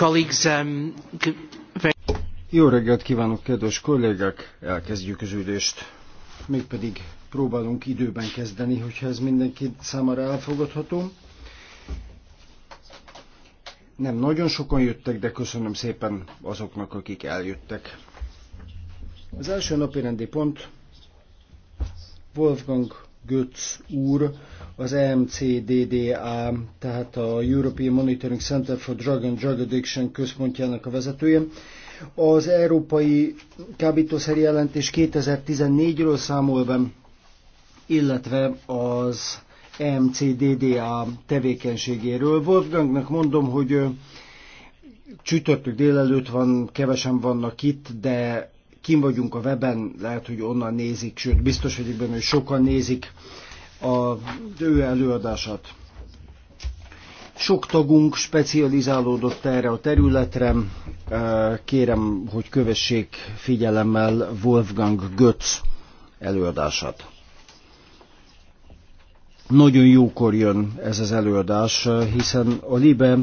Um, Jó reggelt kívánok, kedves kollégák! Elkezdjük az ülést. Mégpedig próbálunk időben kezdeni, hogyha ez mindenki számára elfogadható. Nem nagyon sokan jöttek, de köszönöm szépen azoknak, akik eljöttek. Az első napi rendi pont Wolfgang Götz úr az MCDDA, tehát a European Monitoring Center for Drug and Drug Addiction központjának a vezetője. Az Európai Kábítószer jelentés 2014-ről számol be, illetve az MCDDA tevékenységéről. Wolfgangnak mondom, hogy csütörtök délelőtt van, kevesen vannak itt, de kim vagyunk a weben, lehet, hogy onnan nézik, sőt, biztos vagyok benne, hogy sokan nézik a ő előadását. Sok tagunk specializálódott erre a területre. Kérem, hogy kövessék figyelemmel Wolfgang Götz előadását. Nagyon jókor jön ez az előadás, hiszen a Libe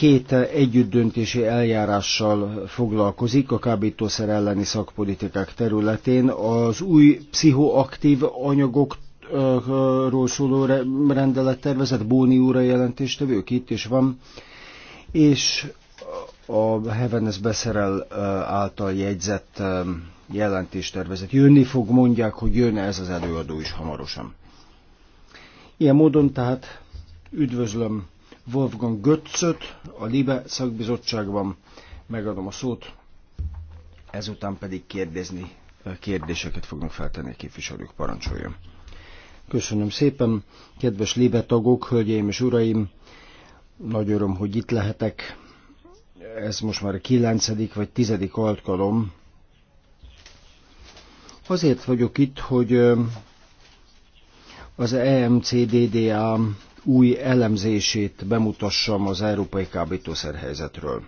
két együttdöntési eljárással foglalkozik a kábítószer elleni szakpolitikák területén. Az új pszichoaktív anyagokról szóló rendelettervezet Bóni úra jelentéstevők itt is van, és a Heavenes Beszerel eh, által jegyzett eh, jelentéstervezet. Jönni fog, mondják, hogy jön ez az előadó is hamarosan. Ilyen módon tehát üdvözlöm Wolfgang Götzöt a LIBE szakbizottságban. Megadom a szót, ezután pedig kérdezni, eh, kérdéseket fognak feltenni a képviselők, parancsoljon. Köszönöm szépen, kedves LIBE tagok, hölgyeim és uraim, nagy öröm, hogy itt lehetek. Ez most már a kilencedik vagy tizedik alkalom. Azért vagyok itt, hogy eh, az EMCDDA új elemzését bemutassam az európai helyzetről.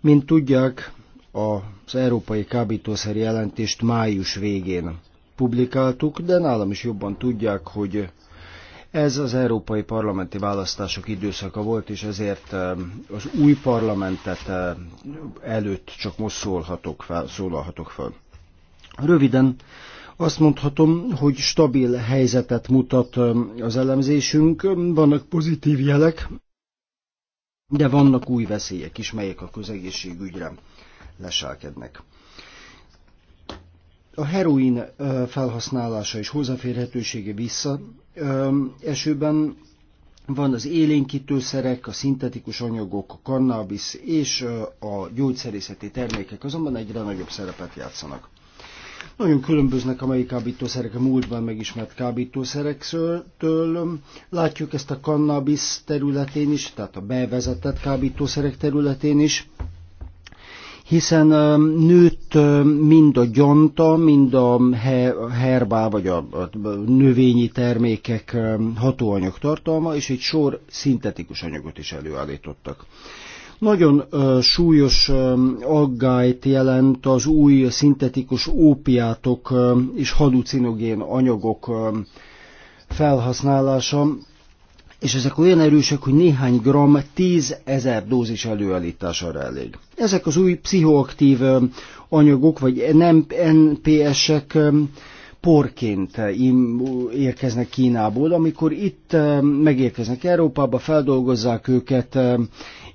Mint tudják, az európai kábítószer jelentést május végén publikáltuk, de nálam is jobban tudják, hogy ez az európai parlamenti választások időszaka volt, és ezért az új parlamentet előtt csak most szólhatok fel, szólalhatok fel. Röviden azt mondhatom, hogy stabil helyzetet mutat az elemzésünk, vannak pozitív jelek, de vannak új veszélyek is, melyek a közegészségügyre leselkednek. A heroin felhasználása és hozzáférhetősége vissza esőben van az élénkítőszerek, a szintetikus anyagok, a kannabisz és a gyógyszerészeti termékek azonban egyre nagyobb szerepet játszanak. Nagyon különböznek a mai kábítószerek a múltban megismert kábítószerektől. Látjuk ezt a cannabis területén is, tehát a bevezetett kábítószerek területén is hiszen um, nőtt um, mind a gyanta, mind a herbá vagy a növényi termékek um, hatóanyag tartalma, és egy sor szintetikus anyagot is előállítottak. Nagyon súlyos aggályt jelent az új szintetikus ópiátok és haducinogén anyagok felhasználása, és ezek olyan erősek, hogy néhány gram 10 ezer dózis előállítására elég. Ezek az új pszichoaktív anyagok, vagy nem NPS-ek porként érkeznek Kínából, amikor itt megérkeznek Európába, feldolgozzák őket,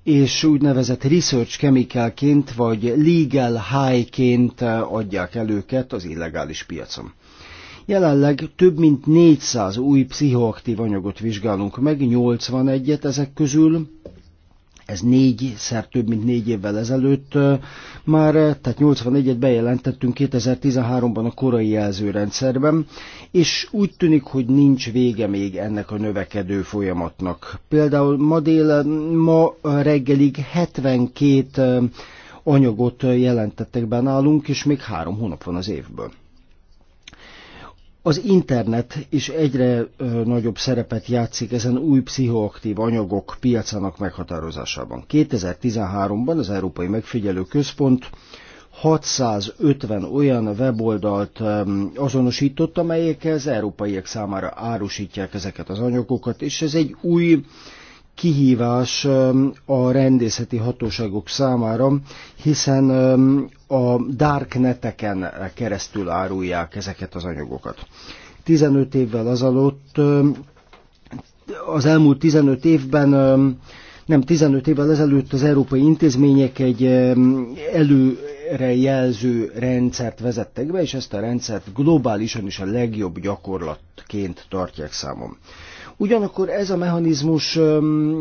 és úgynevezett research chemicalként vagy legal highként ként eh, adják el őket az illegális piacon. Jelenleg több mint 400 új pszichoaktív anyagot vizsgálunk meg, 81-et ezek közül ez négyszer több, mint négy évvel ezelőtt már, tehát 84-et bejelentettünk 2013-ban a korai jelzőrendszerben, és úgy tűnik, hogy nincs vége még ennek a növekedő folyamatnak. Például ma dél, ma reggelig 72 anyagot jelentettek be nálunk, és még három hónap van az évből. Az internet is egyre nagyobb szerepet játszik ezen új pszichoaktív anyagok piacának meghatározásában. 2013-ban az Európai Megfigyelő Központ 650 olyan weboldalt azonosított, amelyek az európaiak számára árusítják ezeket az anyagokat, és ez egy új kihívás a rendészeti hatóságok számára, hiszen a darkneteken keresztül árulják ezeket az anyagokat. 15 évvel azelőtt, az elmúlt 15 évben, nem 15 évvel ezelőtt az európai intézmények egy előre jelző rendszert vezettek be, és ezt a rendszert globálisan is a legjobb gyakorlatként tartják számon. Ugyanakkor ez a mechanizmus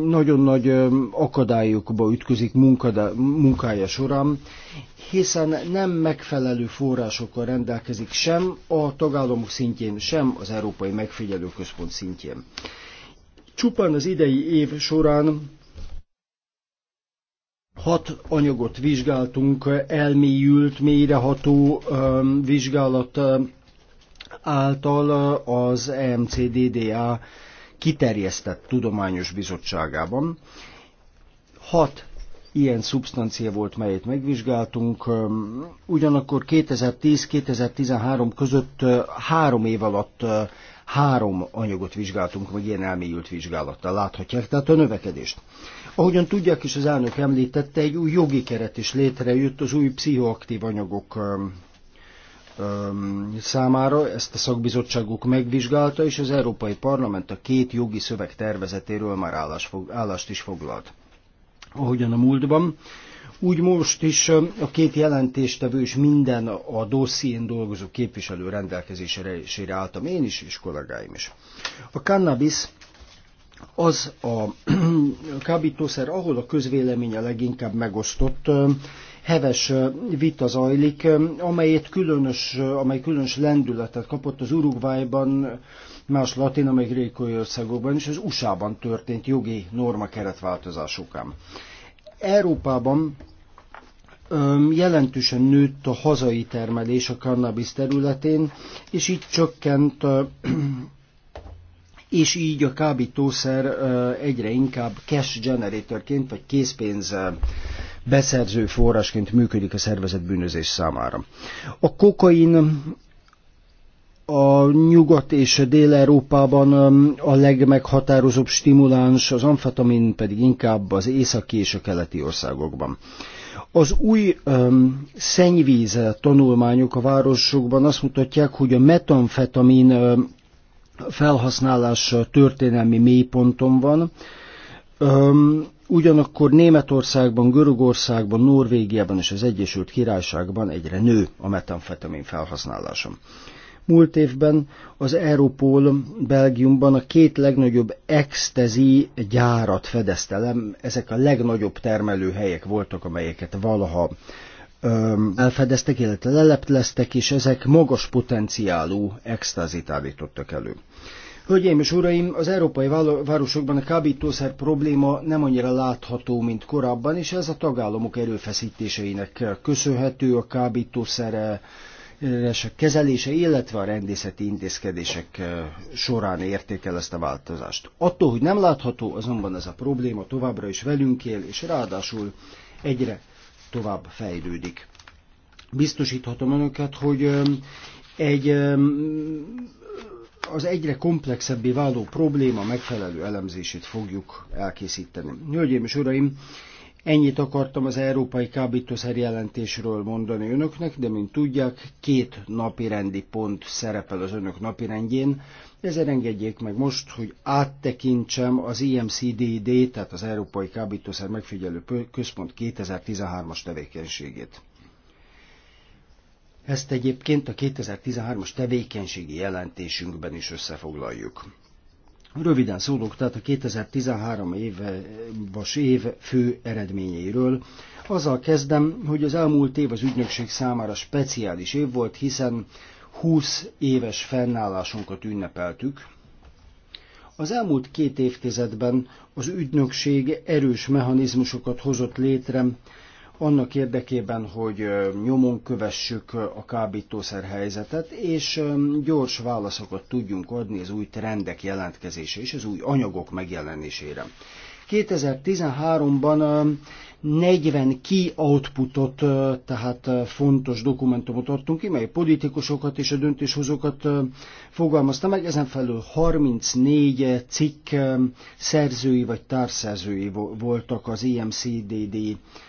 nagyon nagy akadályokba ütközik munkája során, hiszen nem megfelelő forrásokkal rendelkezik sem a tagállamok szintjén, sem az Európai Megfigyelőközpont szintjén. Csupán az idei év során hat anyagot vizsgáltunk, elmélyült, mélyreható vizsgálat által az e MCDDA kiterjesztett tudományos bizottságában. Hat ilyen szubstancia volt, melyet megvizsgáltunk. Ugyanakkor 2010-2013 között három év alatt három anyagot vizsgáltunk, vagy ilyen elmélyült vizsgálattal láthatják, tehát a növekedést. Ahogyan tudják is, az elnök említette, egy új jogi keret is létrejött az új pszichoaktív anyagok számára, ezt a szakbizottságuk megvizsgálta, és az Európai Parlament a két jogi szöveg tervezetéről már állás, állást is foglalt. Ahogyan a múltban, úgy most is a két jelentéstevő és minden a dosszién dolgozó képviselő rendelkezésére álltam én is, és kollégáim is. A cannabis az a kábítószer, ahol a közvélemény a leginkább megosztott, heves vita zajlik, amelyet különös, amely különös lendületet kapott az Uruguayban, más latin-amerikai országokban és az USA-ban történt jogi norma keretváltozásokán. Európában jelentősen nőtt a hazai termelés a cannabis területén, és így csökkent, és így a kábítószer egyre inkább cash generatorként, vagy készpénz beszerző forrásként működik a szervezet bűnözés számára. A kokain a Nyugat és Dél-Európában um, a legmeghatározóbb stimuláns, az amfetamin pedig inkább az északi és a keleti országokban. Az új um, szennyvíz tanulmányok a városokban azt mutatják, hogy a metamfetamin um, felhasználás történelmi mélyponton van. Um, Ugyanakkor Németországban, Görögországban, Norvégiában és az Egyesült Királyságban egyre nő a metamfetamin felhasználása. Múlt évben az Europol Belgiumban a két legnagyobb extezi gyárat fedeztelem, Ezek a legnagyobb termelőhelyek voltak, amelyeket valaha öm, elfedeztek, illetve lelepleztek, és ezek magas potenciálú extazit állítottak elő. Hölgyeim és uraim, az európai városokban a kábítószer probléma nem annyira látható, mint korábban, és ez a tagállamok erőfeszítéseinek köszönhető a kábítószer eh, kezelése, illetve a rendészeti intézkedések eh, során értékel ezt a változást. Attól, hogy nem látható, azonban ez a probléma továbbra is velünk él, és ráadásul egyre tovább fejlődik. Biztosíthatom önöket, hogy eh, egy az egyre komplexebbé váló probléma megfelelő elemzését fogjuk elkészíteni. Hölgyeim és uraim, ennyit akartam az európai kábítószer jelentésről mondani önöknek, de mint tudják, két napi rendi pont szerepel az önök napi rendjén, Ezért engedjék meg most, hogy áttekintsem az IMCDD, tehát az Európai Kábítószer Megfigyelő Központ 2013-as tevékenységét. Ezt egyébként a 2013-as tevékenységi jelentésünkben is összefoglaljuk. Röviden szólok tehát a 2013 éves év fő eredményeiről. Azzal kezdem, hogy az elmúlt év az ügynökség számára speciális év volt, hiszen 20 éves fennállásunkat ünnepeltük. Az elmúlt két évtizedben az ügynökség erős mechanizmusokat hozott létre, annak érdekében, hogy nyomon kövessük a kábítószer helyzetet, és gyors válaszokat tudjunk adni az új trendek jelentkezése és az új anyagok megjelenésére. 2013-ban 40 key outputot, tehát fontos dokumentumot adtunk ki, mely politikusokat és a döntéshozókat fogalmazta meg, ezen felül 34 cikk szerzői vagy társzerzői voltak az EMCDD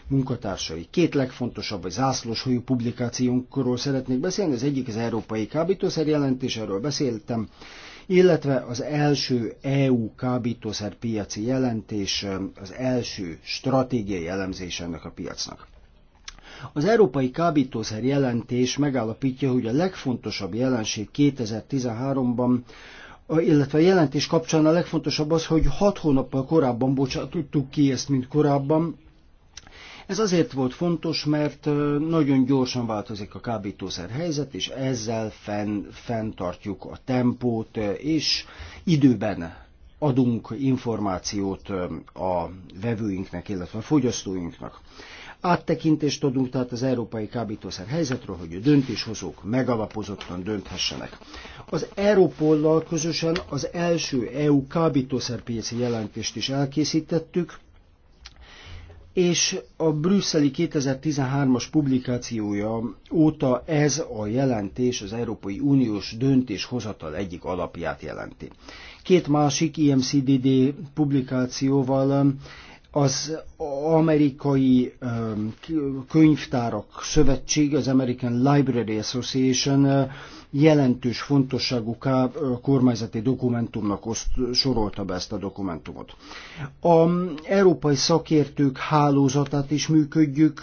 munkatársai. Két legfontosabb, vagy zászlós hajú publikációnkról szeretnék beszélni, az egyik az Európai Kábítószer jelentés, erről beszéltem, illetve az első EU kábítószer piaci jelentés az első stratégiai elemzés ennek a piacnak. Az európai kábítószer jelentés megállapítja, hogy a legfontosabb jelenség 2013-ban illetve a jelentés kapcsán a legfontosabb az, hogy hat hónappal korábban bocsátottuk ki ezt, mint korábban, ez azért volt fontos, mert nagyon gyorsan változik a kábítószer helyzet, és ezzel fenn, fenntartjuk a tempót, és időben adunk információt a vevőinknek, illetve a fogyasztóinknak. Áttekintést adunk tehát az európai kábítószer helyzetről, hogy a döntéshozók megalapozottan dönthessenek. Az Európollal közösen az első EU kábítószerpiaci jelentést is elkészítettük, és a brüsszeli 2013-as publikációja óta ez a jelentés az Európai Uniós döntéshozatal egyik alapját jelenti. Két másik IMCDD e publikációval az amerikai um, könyvtárak szövetség, az American Library Association jelentős fontosságú kormányzati dokumentumnak oszt, sorolta be ezt a dokumentumot. A európai szakértők hálózatát is működjük,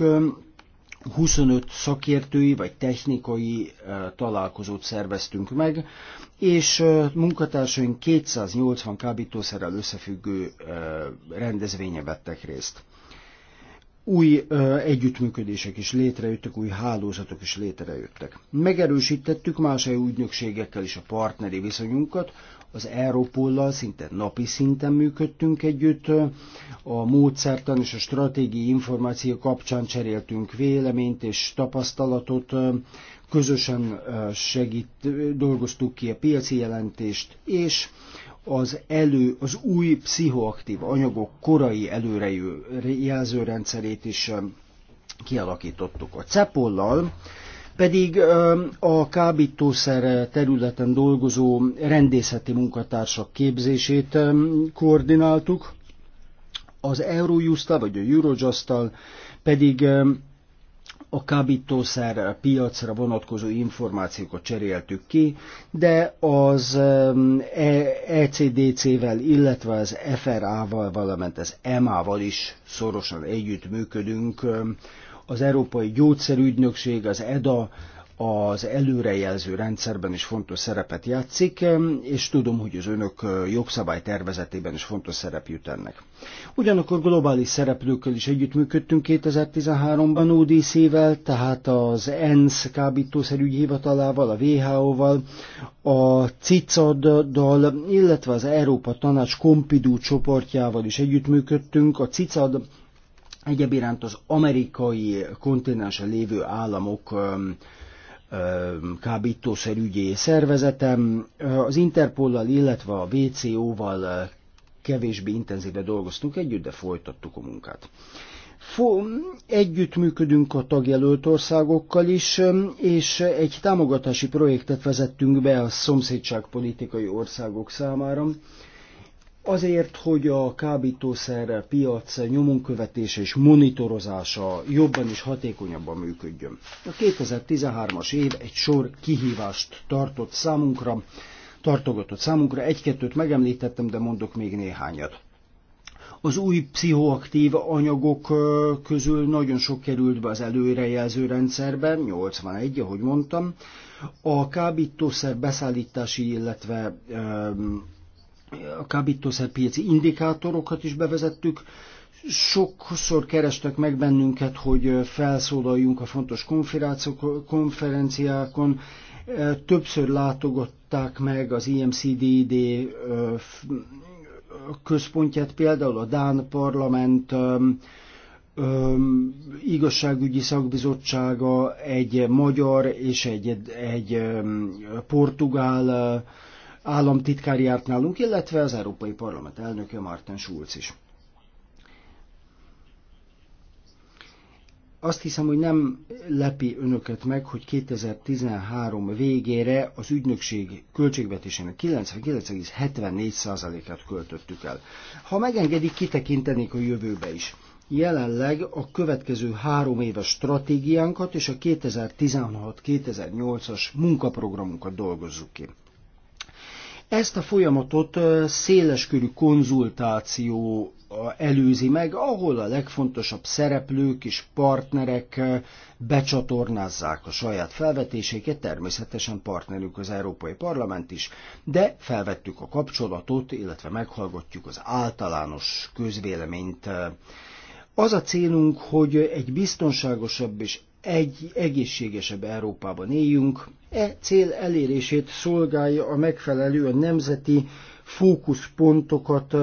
25 szakértői vagy technikai találkozót szerveztünk meg, és munkatársaink 280 kábítószerrel összefüggő rendezvénye vettek részt új ö, együttműködések is létrejöttek, új hálózatok is létrejöttek. Megerősítettük más EU ügynökségekkel is a partneri viszonyunkat, az Európollal szinte napi szinten működtünk együtt, a módszertan és a stratégiai információ kapcsán cseréltünk véleményt és tapasztalatot, közösen segít, dolgoztuk ki a piaci jelentést, és az elő, az új pszichoaktív anyagok korai rendszerét is um, kialakítottuk. A cepollal pedig um, a kábítószer területen dolgozó rendészeti munkatársak képzését um, koordináltuk, az eurojust vagy a eurojust pedig a kábítószer piacra vonatkozó információkat cseréltük ki, de az um, ECDC-vel, e illetve az FRA-val, valamint az EMA-val is szorosan együtt működünk. Um, az Európai Gyógyszerügynökség, az EDA az előrejelző rendszerben is fontos szerepet játszik, és tudom, hogy az önök jogszabály tervezetében is fontos szerep jut ennek. Ugyanakkor globális szereplőkkel is együttműködtünk 2013-ban ODC-vel, tehát az ENSZ kábítószerügyi hivatalával, a WHO-val, a CICAD-dal, illetve az Európa Tanács Kompidú csoportjával is együttműködtünk. A CICAD Egyebiránt az amerikai kontinensen lévő államok kábítószerügyi szervezetem. Az Interpollal, illetve a WCO-val kevésbé intenzíve dolgoztunk együtt, de folytattuk a munkát. Együttműködünk a tagjelölt országokkal is, és egy támogatási projektet vezettünk be a szomszédságpolitikai országok számára, azért, hogy a kábítószer piac nyomonkövetése és monitorozása jobban és hatékonyabban működjön. A 2013-as év egy sor kihívást tartott számunkra, tartogatott számunkra, egy-kettőt megemlítettem, de mondok még néhányat. Az új pszichoaktív anyagok közül nagyon sok került be az előrejelző rendszerbe, 81, ahogy mondtam. A kábítószer beszállítási, illetve a kábítószerpiaci indikátorokat is bevezettük. Sokszor kerestek meg bennünket, hogy felszólaljunk a fontos konferenciákon. Többször látogatták meg az IMCDD központját, például a Dán Parlament igazságügyi szakbizottsága, egy magyar és egy, egy portugál államtitkár járt nálunk, illetve az Európai Parlament elnöke Martin Schulz is. Azt hiszem, hogy nem lepi önöket meg, hogy 2013 végére az ügynökség költségvetésének 99,74%-át költöttük el. Ha megengedik, kitekintenék a jövőbe is. Jelenleg a következő három éves stratégiánkat és a 2016-2008-as munkaprogramunkat dolgozzuk ki. Ezt a folyamatot széleskörű konzultáció előzi meg, ahol a legfontosabb szereplők és partnerek becsatornázzák a saját felvetéseiket, természetesen partnerük az Európai Parlament is, de felvettük a kapcsolatot, illetve meghallgatjuk az általános közvéleményt. Az a célunk, hogy egy biztonságosabb és egy egészségesebb Európában éljünk. E cél elérését szolgálja a megfelelő a nemzeti fókuszpontokat,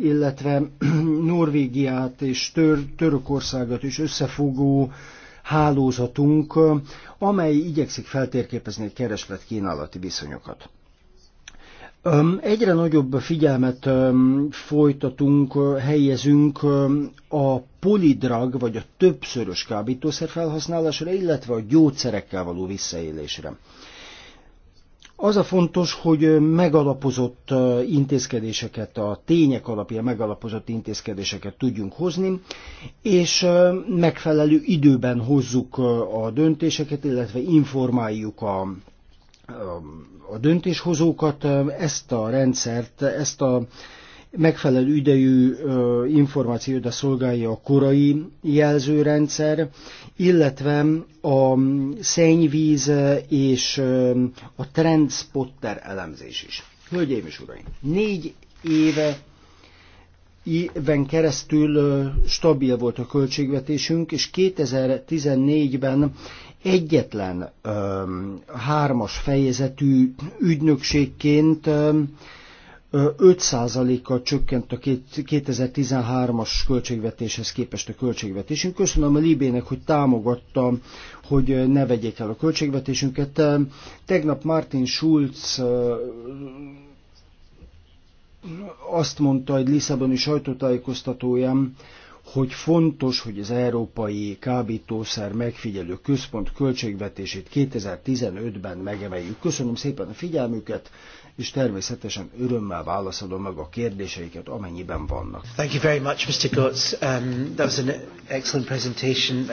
illetve Norvégiát és Tör- Törökországot is összefogó hálózatunk, amely igyekszik feltérképezni a kereslet-kínálati viszonyokat. Egyre nagyobb figyelmet folytatunk, helyezünk a polidrag, vagy a többszörös kábítószer felhasználásra, illetve a gyógyszerekkel való visszaélésre. Az a fontos, hogy megalapozott intézkedéseket, a tények alapján megalapozott intézkedéseket tudjunk hozni, és megfelelő időben hozzuk a döntéseket, illetve informáljuk a a döntéshozókat, ezt a rendszert, ezt a megfelelő idejű információra szolgálja a korai jelzőrendszer, illetve a szennyvíz és a trendspotter elemzés is. Hölgyeim és uraim, négy éve éven keresztül stabil volt a költségvetésünk, és 2014-ben egyetlen ö, hármas fejezetű ügynökségként 5%-kal csökkent a 2013-as költségvetéshez képest a költségvetésünk. Köszönöm a Libének, hogy támogatta, hogy ne vegyék el a költségvetésünket. Tegnap Martin Schulz azt mondta egy Lisszaboni sajtótájékoztatóján, hogy fontos, hogy az Európai Kábítószer Megfigyelő Központ költségvetését 2015-ben megemeljük. Köszönöm szépen a figyelmüket, és természetesen örömmel válaszolom meg a kérdéseiket, amennyiben vannak. Thank you very much, Mr. Gotz. Um, that was an excellent presentation.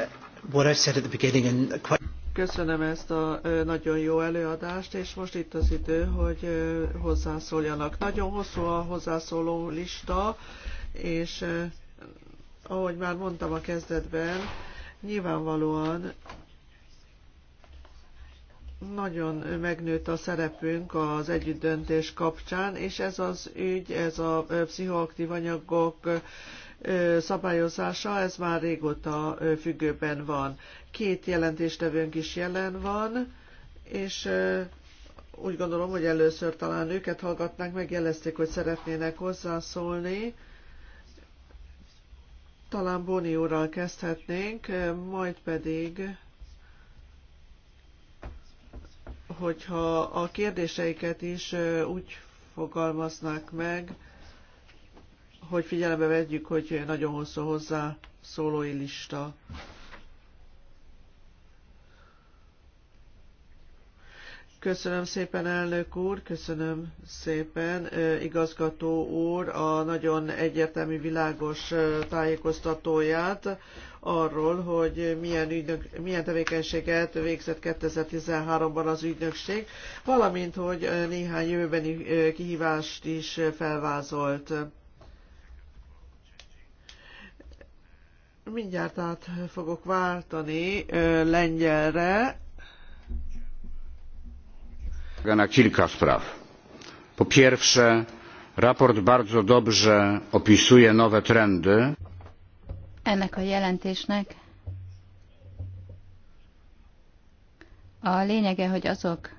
What I said at the beginning and quite Köszönöm ezt a nagyon jó előadást, és most itt az idő, hogy hozzászóljanak. Nagyon hosszú a hozzászóló lista, és ahogy már mondtam a kezdetben, nyilvánvalóan nagyon megnőtt a szerepünk az együttdöntés kapcsán, és ez az ügy, ez a pszichoaktív anyagok szabályozása, ez már régóta függőben van. Két jelentéstevőnk is jelen van, és úgy gondolom, hogy először talán őket hallgatnánk, megjelezték, hogy szeretnének hozzászólni. Talán Boni úrral kezdhetnénk, majd pedig, hogyha a kérdéseiket is úgy fogalmaznák meg, hogy figyelembe vegyük, hogy nagyon hosszú hozzá szólói lista. Köszönöm szépen, elnök úr, köszönöm szépen, igazgató úr, a nagyon egyértelmű, világos tájékoztatóját arról, hogy milyen, ügynök, milyen tevékenységet végzett 2013-ban az ügynökség, valamint, hogy néhány jövőbeni kihívást is felvázolt. Mindjárt át fogok váltani lengyelre uwagę na kilka spraw. Po pierwsze, raport bardzo dobrze opisuje nowe trendy. Ennek a jelentésnek a lényege, hogy azok,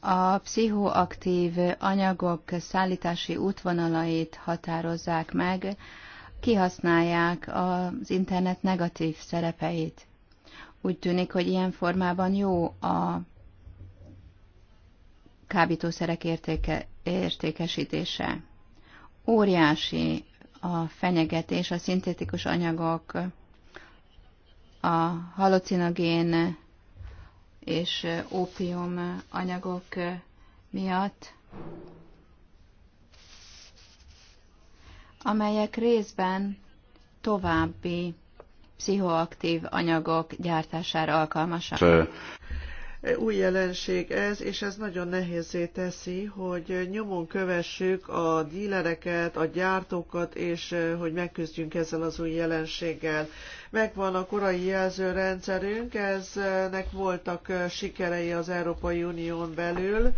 a pszichoaktív anyagok szállítási útvonalait határozzák meg, kihasználják az internet negatív szerepeit. Úgy tűnik, hogy ilyen formában jó a kábítószerek értéke, értékesítése. Óriási a fenyegetés, a szintetikus anyagok, a halocinogén és ópium anyagok miatt, amelyek részben további pszichoaktív anyagok gyártására alkalmasak. Új jelenség ez, és ez nagyon nehézé teszi, hogy nyomon kövessük a dílereket, a gyártókat, és hogy megküzdjünk ezzel az új jelenséggel. Megvan a korai jelzőrendszerünk, eznek voltak sikerei az Európai Unión belül,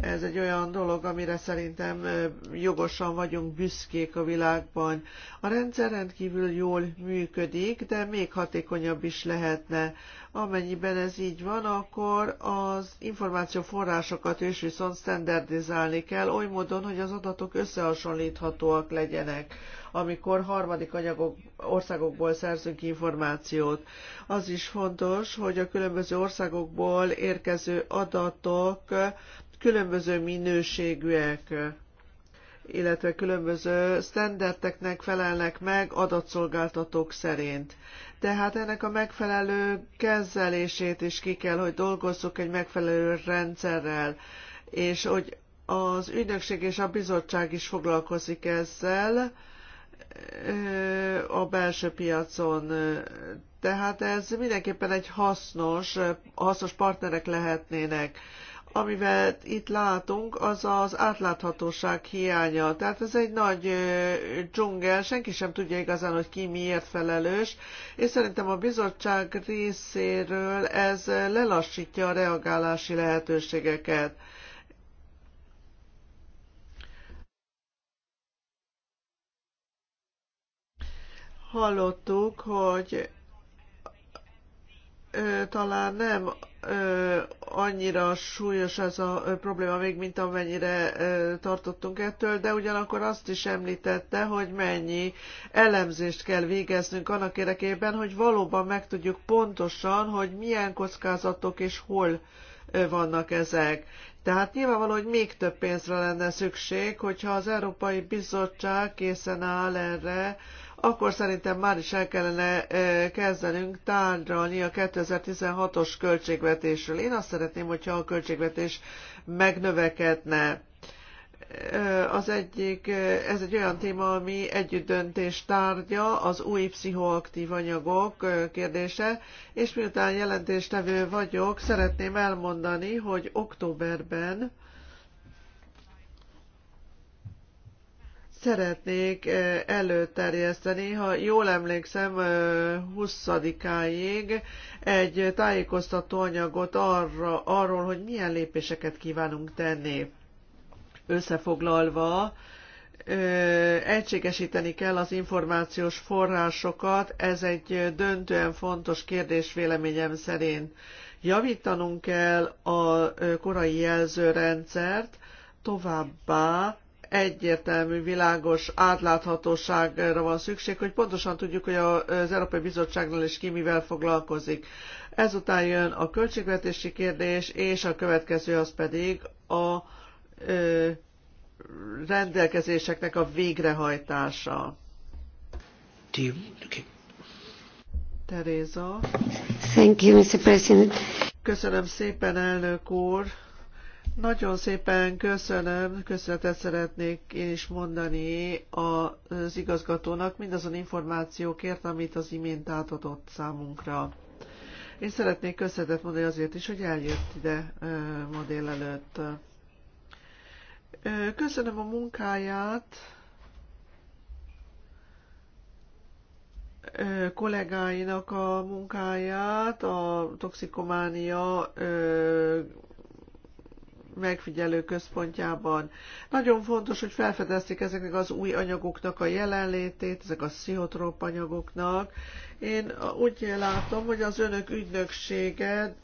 ez egy olyan dolog, amire szerintem jogosan vagyunk büszkék a világban. A rendszer rendkívül jól működik, de még hatékonyabb is lehetne. Amennyiben ez így van, akkor az információforrásokat is viszont standardizálni kell, oly módon, hogy az adatok összehasonlíthatóak legyenek amikor harmadik anyagok, országokból szerzünk információt. Az is fontos, hogy a különböző országokból érkező adatok különböző minőségűek, illetve különböző standardeknek felelnek meg adatszolgáltatók szerint. Tehát ennek a megfelelő kezelését is ki kell, hogy dolgozzuk egy megfelelő rendszerrel, és hogy az ügynökség és a bizottság is foglalkozik ezzel a belső piacon. Tehát ez mindenképpen egy hasznos, hasznos partnerek lehetnének amivel itt látunk, az az átláthatóság hiánya. Tehát ez egy nagy dzsungel, senki sem tudja igazán, hogy ki miért felelős, és szerintem a bizottság részéről ez lelassítja a reagálási lehetőségeket. Hallottuk, hogy talán nem annyira súlyos ez a probléma még, mint amennyire tartottunk ettől, de ugyanakkor azt is említette, hogy mennyi elemzést kell végeznünk annak érdekében, hogy valóban megtudjuk pontosan, hogy milyen kockázatok és hol vannak ezek. Tehát nyilvánvaló, hogy még több pénzre lenne szükség, hogyha az Európai Bizottság készen áll erre, akkor szerintem már is el kellene kezdenünk tárgyalni a 2016-os költségvetésről. Én azt szeretném, hogyha a költségvetés megnövekedne. Az egyik, ez egy olyan téma, ami együttdöntés tárgya, az új pszichoaktív anyagok kérdése, és miután jelentéstevő vagyok, szeretném elmondani, hogy októberben szeretnék előterjeszteni, ha jól emlékszem, 20-áig egy tájékoztató anyagot arra, arról, hogy milyen lépéseket kívánunk tenni. Összefoglalva, egységesíteni kell az információs forrásokat, ez egy döntően fontos kérdés véleményem szerint. Javítanunk kell a korai jelzőrendszert, továbbá egyértelmű, világos átláthatóságra van szükség, hogy pontosan tudjuk, hogy az Európai Bizottságnál is ki mivel foglalkozik. Ezután jön a költségvetési kérdés, és a következő az pedig a ö, rendelkezéseknek a végrehajtása. Teréza. Thank you, Mr. President. Köszönöm szépen, elnök úr. Nagyon szépen köszönöm, köszönetet szeretnék én is mondani az igazgatónak mindazon információkért, amit az imént átadott számunkra. Én szeretnék köszönetet mondani azért is, hogy eljött ide ma délelőtt. Köszönöm a munkáját kollégáinak a munkáját, a toxikománia megfigyelő központjában. Nagyon fontos, hogy felfedezték ezeknek az új anyagoknak a jelenlétét, ezek a pszichotróp anyagoknak. Én úgy látom, hogy az önök ügynöksége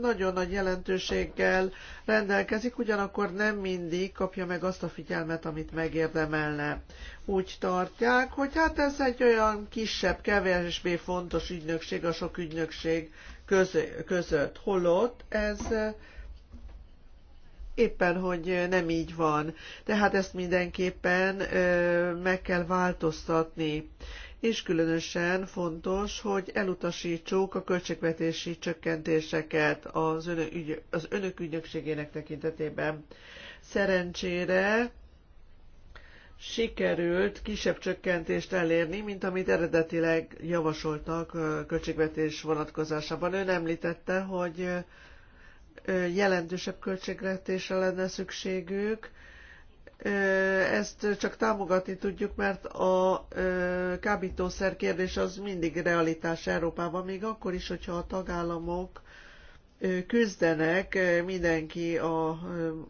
nagyon nagy jelentőséggel rendelkezik, ugyanakkor nem mindig kapja meg azt a figyelmet, amit megérdemelne. Úgy tartják, hogy hát ez egy olyan kisebb, kevésbé fontos ügynökség a sok ügynökség között. Holott ez éppen, hogy nem így van. Tehát ezt mindenképpen meg kell változtatni. És különösen fontos, hogy elutasítsuk a költségvetési csökkentéseket az, önök ügy, az önök ügynökségének tekintetében. Szerencsére sikerült kisebb csökkentést elérni, mint amit eredetileg javasoltak költségvetés vonatkozásában. Ön említette, hogy jelentősebb költségvetésre lenne szükségük. Ezt csak támogatni tudjuk, mert a kábítószer kérdés az mindig realitás Európában, még akkor is, hogyha a tagállamok küzdenek, mindenki a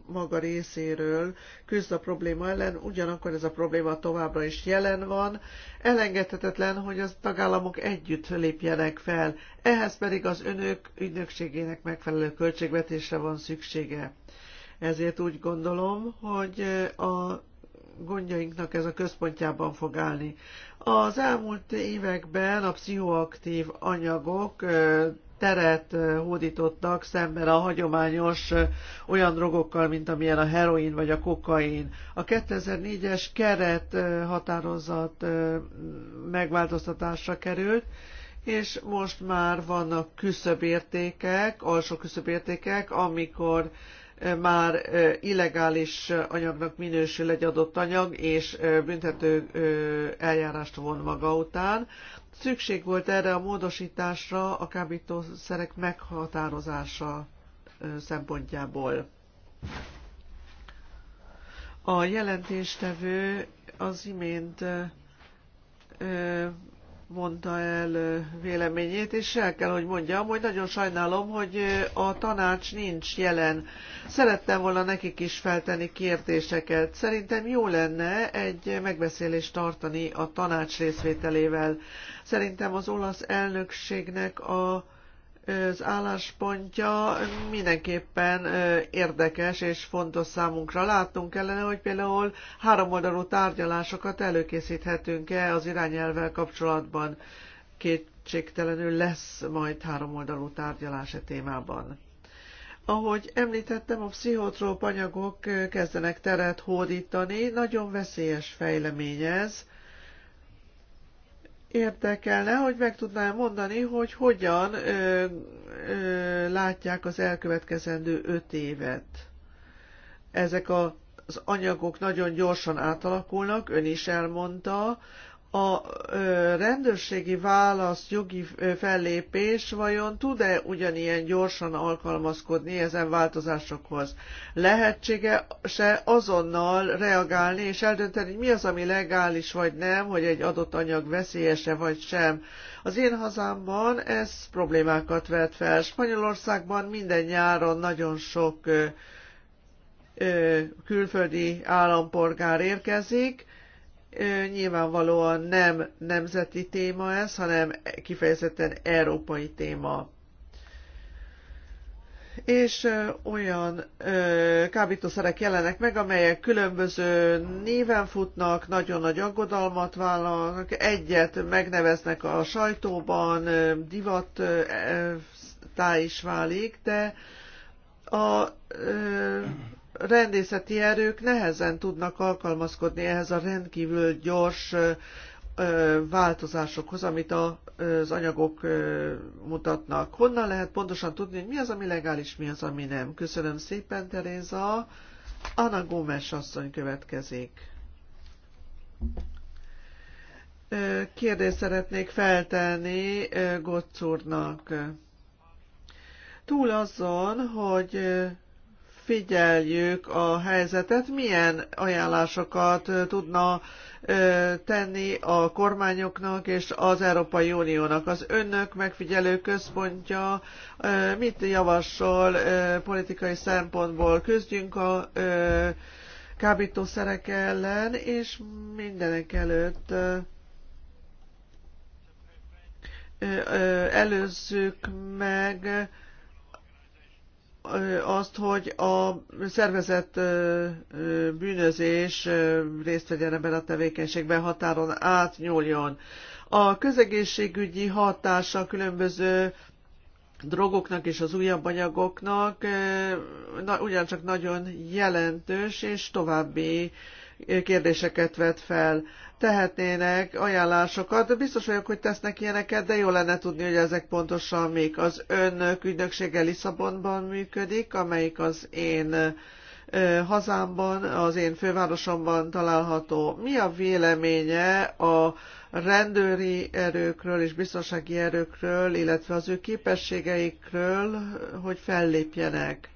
maga részéről küzd a probléma ellen, ugyanakkor ez a probléma továbbra is jelen van. Elengedhetetlen, hogy az tagállamok együtt lépjenek fel, ehhez pedig az önök ügynökségének megfelelő költségvetésre van szüksége. Ezért úgy gondolom, hogy a gondjainknak ez a központjában fog állni. Az elmúlt években a pszichoaktív anyagok teret hódítottak szemben a hagyományos olyan drogokkal, mint amilyen a heroin vagy a kokain. A 2004-es keret határozat megváltoztatásra került, és most már vannak küszöbértékek, alsó küszöbértékek, amikor már illegális anyagnak minősül egy adott anyag, és büntető eljárást von maga után szükség volt erre a módosításra a kábítószerek meghatározása szempontjából. A jelentéstevő az imént mondta el véleményét, és el kell, hogy mondjam, hogy nagyon sajnálom, hogy a tanács nincs jelen. Szerettem volna nekik is feltenni kérdéseket. Szerintem jó lenne egy megbeszélést tartani a tanács részvételével. Szerintem az olasz elnökségnek a az álláspontja mindenképpen érdekes és fontos számunkra. látunk, kellene, hogy például háromoldalú tárgyalásokat előkészíthetünk-e az irányelvvel kapcsolatban. Kétségtelenül lesz majd háromoldalú tárgyalás a e témában. Ahogy említettem, a pszichotróp anyagok kezdenek teret hódítani, nagyon veszélyes fejlemény ez, Érdekelne, hogy meg tudná mondani, hogy hogyan ö, ö, látják az elkövetkezendő öt évet. Ezek a, az anyagok nagyon gyorsan átalakulnak, ön is elmondta, a rendőrségi válasz jogi fellépés vajon tud-e ugyanilyen gyorsan alkalmazkodni ezen változásokhoz? Lehetsége-se azonnal reagálni és eldönteni, hogy mi az, ami legális vagy nem, hogy egy adott anyag veszélyese vagy sem? Az én hazámban ez problémákat vet fel. Spanyolországban minden nyáron nagyon sok külföldi állampolgár érkezik, Nyilvánvalóan nem nemzeti téma ez, hanem kifejezetten európai téma és olyan ö, kábítószerek jelenek meg, amelyek különböző néven futnak, nagyon nagy aggodalmat vállalnak, egyet megneveznek a sajtóban, ö, divat ö, tá is válik, de a ö, rendészeti erők nehezen tudnak alkalmazkodni ehhez a rendkívül gyors változásokhoz, amit az anyagok mutatnak. Honnan lehet pontosan tudni, hogy mi az, ami legális, mi az, ami nem? Köszönöm szépen, Teréza. Anna Gómez asszony következik. Kérdést szeretnék feltenni Gocz úrnak. Túl azon, hogy figyeljük a helyzetet, milyen ajánlásokat tudna tenni a kormányoknak és az Európai Uniónak. Az önök megfigyelő központja mit javasol politikai szempontból? Küzdjünk a kábítószerek ellen, és mindenek előtt előzzük meg azt, hogy a szervezett bűnözés részt vegyen ebben a tevékenységben, határon átnyúljon. A közegészségügyi hatása különböző drogoknak és az újabb anyagoknak ugyancsak nagyon jelentős és további kérdéseket vet fel tehetnének ajánlásokat. Biztos vagyok, hogy tesznek ilyeneket, de jó lenne tudni, hogy ezek pontosan még Az önök ügynöksége Lisszabonban működik, amelyik az én hazámban, az én fővárosomban található. Mi a véleménye a rendőri erőkről és biztonsági erőkről, illetve az ő képességeikről, hogy fellépjenek?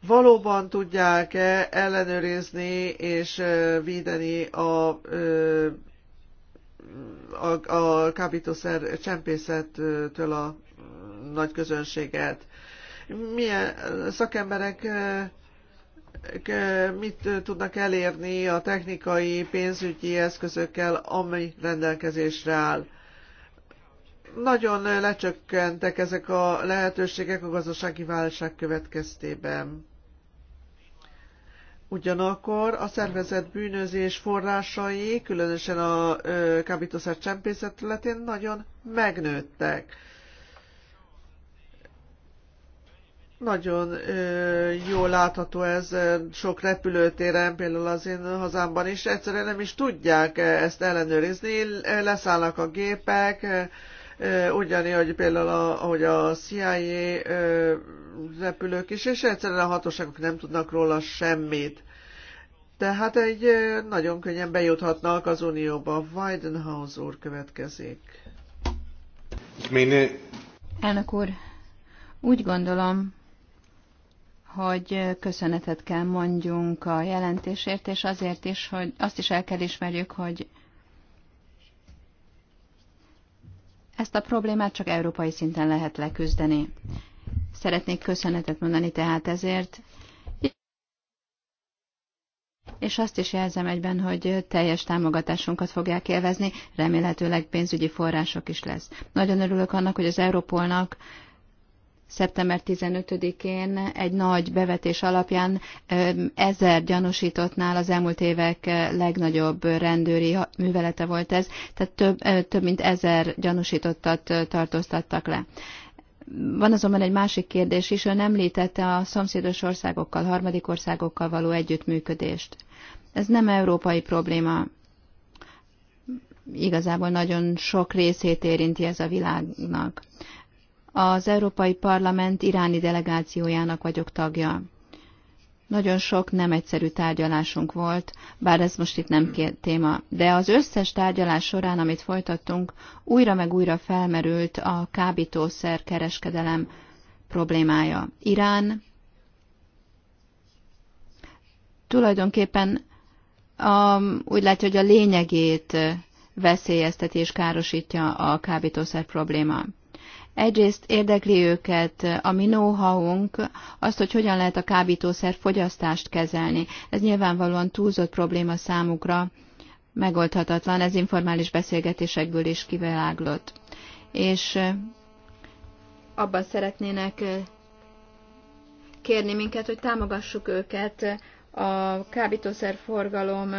valóban tudják-e ellenőrizni és védeni a, a, a kábítószer csempészettől a mm, nagy közönséget. Milyen szakemberek mit tudnak elérni a technikai, pénzügyi eszközökkel, ami rendelkezésre áll nagyon lecsökkentek ezek a lehetőségek a gazdasági válság következtében. Ugyanakkor a szervezett bűnözés forrásai, különösen a kábítószer csempészet területén nagyon megnőttek. Nagyon ö, jól látható ez sok repülőtéren, például az én hazámban is. Egyszerűen nem is tudják ezt ellenőrizni, leszállnak a gépek, ugyanígy, hogy például a, ahogy a CIA repülők is, és egyszerűen a hatóságok nem tudnak róla semmit. Tehát egy nagyon könnyen bejuthatnak az Unióba. Weidenhaus úr következik. Elnök úr, úgy gondolom, hogy köszönetet kell mondjunk a jelentésért, és azért is, hogy azt is el kell ismerjük, hogy Ezt a problémát csak európai szinten lehet leküzdeni. Szeretnék köszönetet mondani tehát ezért, és azt is jelzem egyben, hogy teljes támogatásunkat fogják élvezni, remélhetőleg pénzügyi források is lesz. Nagyon örülök annak, hogy az Európolnak szeptember 15-én egy nagy bevetés alapján ezer gyanúsítottnál az elmúlt évek legnagyobb rendőri művelete volt ez, tehát több, több mint ezer gyanúsítottat tartóztattak le. Van azonban egy másik kérdés is, ön említette a szomszédos országokkal, harmadik országokkal való együttműködést. Ez nem európai probléma. Igazából nagyon sok részét érinti ez a világnak. Az Európai Parlament iráni delegációjának vagyok tagja. Nagyon sok nem egyszerű tárgyalásunk volt, bár ez most itt nem téma, de az összes tárgyalás során, amit folytattunk, újra meg újra felmerült a kábítószer kereskedelem problémája. Irán tulajdonképpen a, um, úgy látja, hogy a lényegét veszélyezteti és károsítja a kábítószer probléma. Egyrészt érdekli őket a mi know azt, hogy hogyan lehet a kábítószer fogyasztást kezelni. Ez nyilvánvalóan túlzott probléma számukra, megoldhatatlan, ez informális beszélgetésekből is kiveláglott. És abban szeretnének kérni minket, hogy támogassuk őket a kábítószerforgalom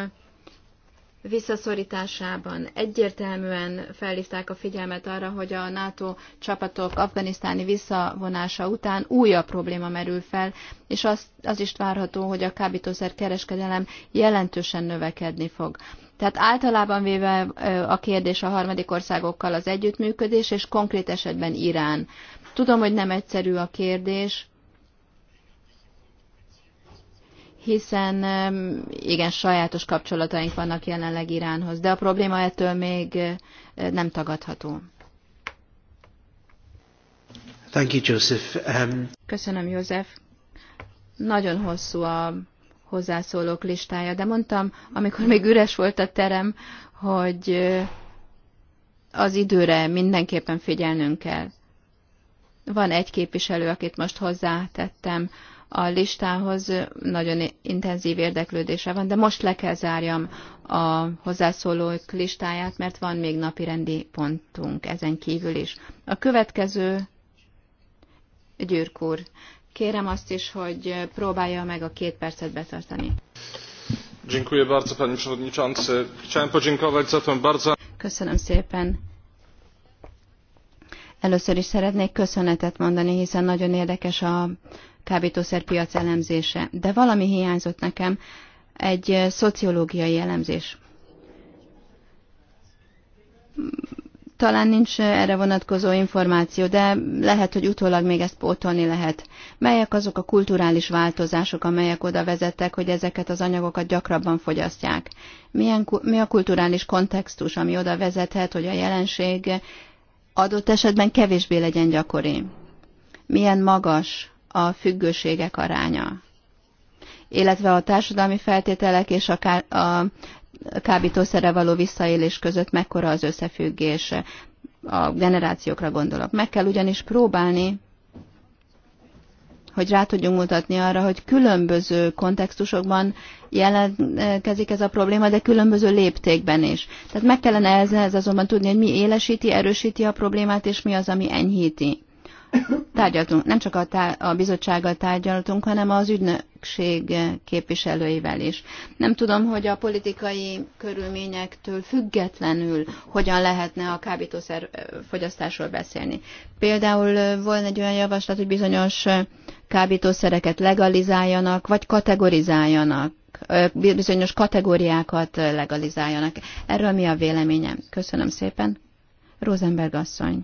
visszaszorításában egyértelműen felhívták a figyelmet arra, hogy a NATO csapatok afganisztáni visszavonása után újabb probléma merül fel, és az, az is várható, hogy a kábítószer kereskedelem jelentősen növekedni fog. Tehát általában véve a kérdés a harmadik országokkal az együttműködés, és konkrét esetben Irán. Tudom, hogy nem egyszerű a kérdés, hiszen igen, sajátos kapcsolataink vannak jelenleg Iránhoz, de a probléma ettől még nem tagadható. Thank you, Joseph. Um... Köszönöm, József. Nagyon hosszú a hozzászólók listája, de mondtam, amikor még üres volt a terem, hogy az időre mindenképpen figyelnünk kell. Van egy képviselő, akit most hozzátettem, a listához nagyon intenzív érdeklődése van, de most le kell zárjam a hozzászólók listáját, mert van még napi rendi pontunk ezen kívül is. A következő, Gyürk úr, kérem azt is, hogy próbálja meg a két percet betartani. Dziękuję bardzo, panie przewodniczący. Chciałem podziękować za tę bardzo... Köszönöm szépen. Először is szeretnék köszönetet mondani, hiszen nagyon érdekes a kábítószerpiac elemzése. De valami hiányzott nekem, egy eh, szociológiai elemzés. Talán nincs eh, erre vonatkozó információ, de lehet, hogy utólag még ezt pótolni lehet. Melyek azok a kulturális változások, amelyek oda vezettek, hogy ezeket az anyagokat gyakrabban fogyasztják? Milyen, mi a kulturális kontextus, ami oda vezethet, hogy a jelenség adott esetben kevésbé legyen gyakori. Milyen magas a függőségek aránya, illetve a társadalmi feltételek és a, ká- a kábítószerre való visszaélés között mekkora az összefüggés. A generációkra gondolok. Meg kell ugyanis próbálni hogy rá tudjunk mutatni arra, hogy különböző kontextusokban jelentkezik ez a probléma, de különböző léptékben is. Tehát meg kellene ez azonban tudni, hogy mi élesíti, erősíti a problémát, és mi az, ami enyhíti tárgyaltunk, nem csak a, tá- a bizottsággal tárgyaltunk, hanem az ügynökség képviselőivel is. Nem tudom, hogy a politikai körülményektől függetlenül hogyan lehetne a kábítószer fogyasztásról beszélni. Például volna egy olyan javaslat, hogy bizonyos kábítószereket legalizáljanak, vagy kategorizáljanak bizonyos kategóriákat legalizáljanak. Erről mi a véleményem? Köszönöm szépen. Rosenberg asszony.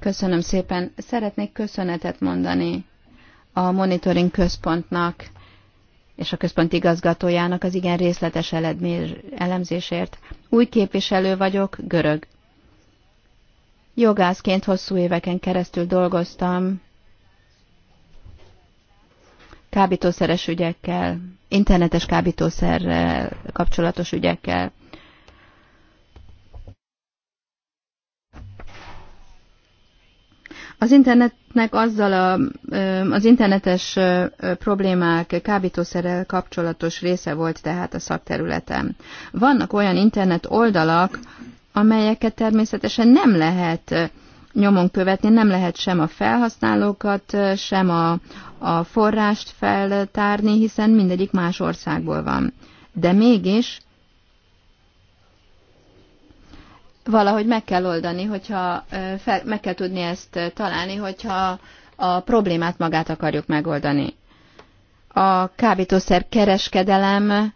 Köszönöm szépen. Szeretnék köszönetet mondani a monitoring központnak és a központ igazgatójának az igen részletes elemzésért. Új képviselő vagyok, görög. Jogászként hosszú éveken keresztül dolgoztam kábítószeres ügyekkel, internetes kábítószerrel kapcsolatos ügyekkel. Az internetnek azzal a, az internetes problémák kábítószerrel kapcsolatos része volt tehát a szakterületem. Vannak olyan internet oldalak, amelyeket természetesen nem lehet nyomon követni, nem lehet sem a felhasználókat, sem a, a forrást feltárni, hiszen mindegyik más országból van. De mégis valahogy meg kell oldani, hogyha fel, meg kell tudni ezt találni, hogyha a problémát magát akarjuk megoldani. A kábítószer kereskedelem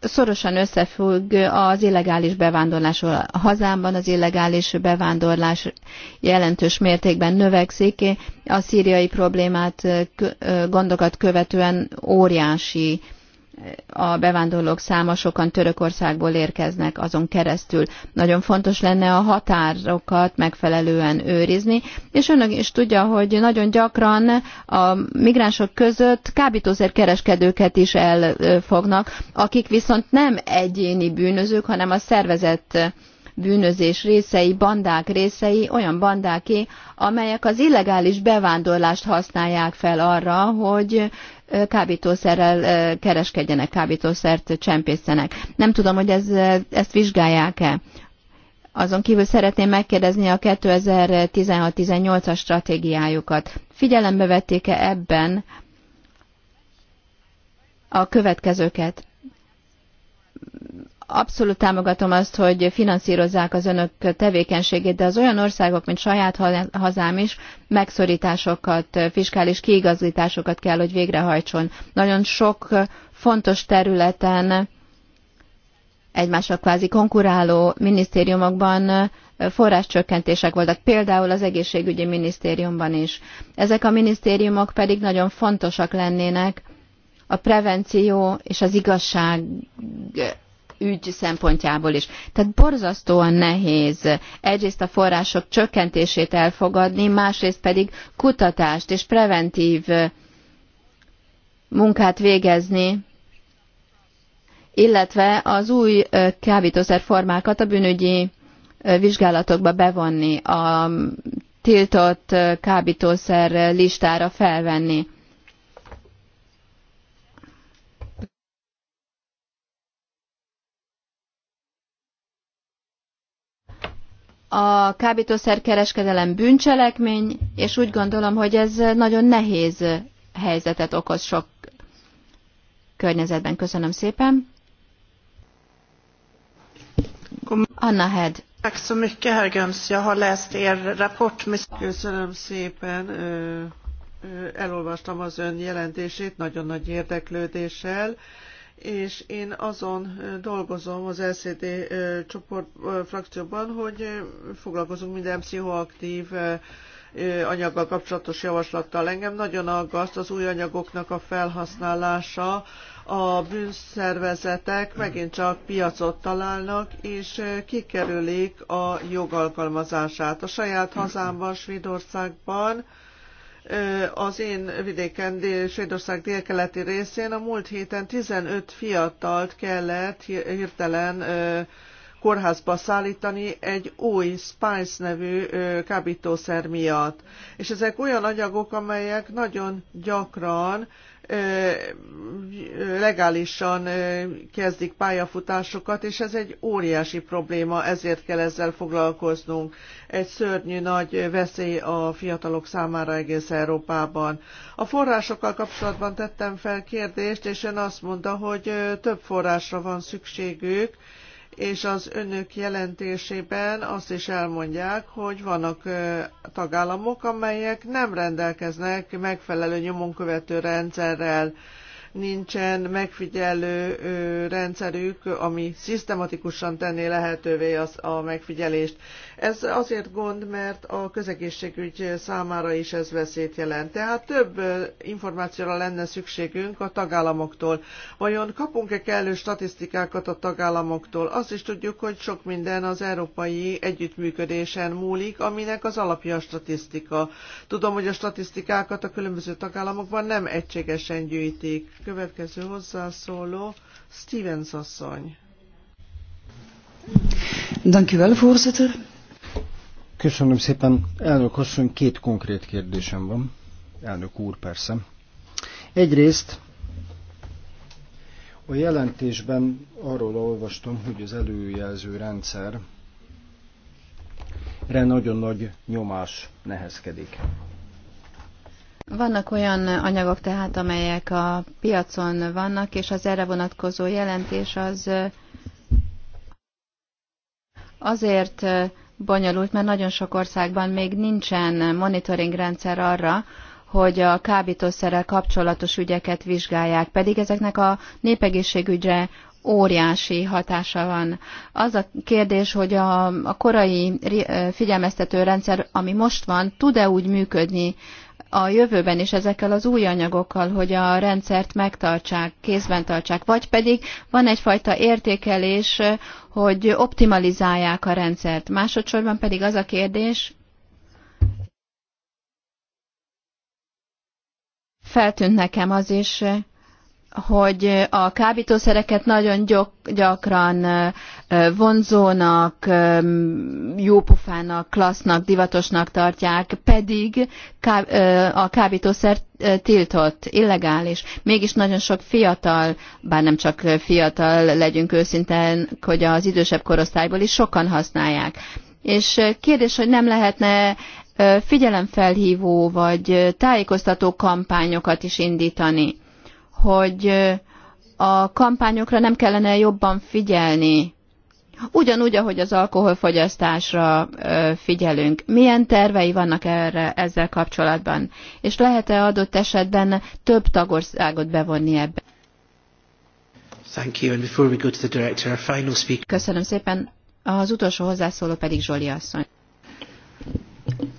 szorosan összefügg az illegális bevándorlásról. A hazámban az illegális bevándorlás jelentős mértékben növekszik. A szíriai problémát, gondokat követően óriási a bevándorlók száma sokan Törökországból érkeznek azon keresztül. Nagyon fontos lenne a határokat megfelelően őrizni, és önök is tudja, hogy nagyon gyakran a migránsok között kábítószerkereskedőket is elfognak, akik viszont nem egyéni bűnözők, hanem a szervezett bűnözés részei, bandák részei, olyan bandáké, amelyek az illegális bevándorlást használják fel arra, hogy kábítószerrel kereskedjenek, kábítószert csempészenek. Nem tudom, hogy ez, ezt vizsgálják-e. Azon kívül szeretném megkérdezni a 2016-18-as stratégiájukat. Figyelembe vették-e ebben a következőket? Abszolút támogatom azt, hogy finanszírozzák az önök tevékenységét, de az olyan országok, mint saját hazám is, megszorításokat, fiskális kiigazításokat kell, hogy végrehajtson. Nagyon sok fontos területen egymással kvázi konkuráló minisztériumokban forráscsökkentések voltak, például az egészségügyi minisztériumban is. Ezek a minisztériumok pedig nagyon fontosak lennének a prevenció és az igazság ügy szempontjából is. Tehát borzasztóan nehéz egyrészt a források csökkentését elfogadni, másrészt pedig kutatást és preventív munkát végezni, illetve az új kábítószerformákat a bűnügyi vizsgálatokba bevonni, a tiltott kábítószer listára felvenni. a kábítószerkereskedelem bűncselekmény, és úgy gondolom, hogy ez nagyon nehéz helyzetet okoz sok környezetben. Köszönöm szépen. Anna Hed. Er Köszönöm szépen. Elolvastam az ön jelentését nagyon nagy érdeklődéssel és én azon dolgozom az LCD csoport frakcióban, hogy foglalkozunk minden pszichoaktív anyaggal kapcsolatos javaslattal. Engem nagyon aggaszt az új anyagoknak a felhasználása. A bűnszervezetek megint csak piacot találnak, és kikerülik a jogalkalmazását. A saját hazámban, Svédországban az én vidéken, Svédország délkeleti részén a múlt héten 15 fiatalt kellett hirtelen kórházba szállítani egy új Spice nevű kábítószer miatt. És ezek olyan anyagok, amelyek nagyon gyakran legálisan kezdik pályafutásokat, és ez egy óriási probléma, ezért kell ezzel foglalkoznunk. Egy szörnyű nagy veszély a fiatalok számára egész Európában. A forrásokkal kapcsolatban tettem fel kérdést, és ön azt mondta, hogy több forrásra van szükségük, és az önök jelentésében azt is elmondják, hogy vannak tagállamok, amelyek nem rendelkeznek megfelelő nyomonkövető rendszerrel nincsen megfigyelő rendszerük, ami szisztematikusan tenné lehetővé az, a megfigyelést. Ez azért gond, mert a közegészségügy számára is ez veszélyt jelent. Tehát több információra lenne szükségünk a tagállamoktól. Vajon kapunk-e kellő statisztikákat a tagállamoktól? Azt is tudjuk, hogy sok minden az európai együttműködésen múlik, aminek az alapja a statisztika. Tudom, hogy a statisztikákat a különböző tagállamokban nem egységesen gyűjtik. Következő hozzászóló Stevens asszony. Dank voorzitter. Köszönöm szépen. Elnök asszony, két konkrét kérdésem van. Elnök úr, persze. Egyrészt a jelentésben arról olvastam, hogy az előjelző rendszerre nagyon nagy nyomás nehezkedik. Vannak olyan anyagok tehát, amelyek a piacon vannak, és az erre vonatkozó jelentés az azért bonyolult, mert nagyon sok országban még nincsen monitoring rendszer arra, hogy a kábítószerrel kapcsolatos ügyeket vizsgálják, pedig ezeknek a népegészségügyre óriási hatása van. Az a kérdés, hogy a, a korai figyelmeztető rendszer, ami most van, tud-e úgy működni, a jövőben is ezekkel az új anyagokkal, hogy a rendszert megtartsák, kézben tartsák, vagy pedig van egyfajta értékelés, hogy optimalizálják a rendszert. Másodszorban pedig az a kérdés, feltűnt nekem az is, hogy a kábítószereket nagyon gyakran vonzónak, jópofának, klassznak, divatosnak tartják, pedig a kábítószer tiltott, illegális. Mégis nagyon sok fiatal, bár nem csak fiatal, legyünk őszinten, hogy az idősebb korosztályból is sokan használják. És kérdés, hogy nem lehetne figyelemfelhívó vagy tájékoztató kampányokat is indítani hogy a kampányokra nem kellene jobban figyelni. Ugyanúgy, ahogy az alkoholfogyasztásra figyelünk. Milyen tervei vannak erre ezzel kapcsolatban? És lehet-e adott esetben több tagországot bevonni ebbe? Thank you. And before we go to the director, our final speaker... Köszönöm szépen. Az utolsó hozzászóló pedig Zsoli asszony.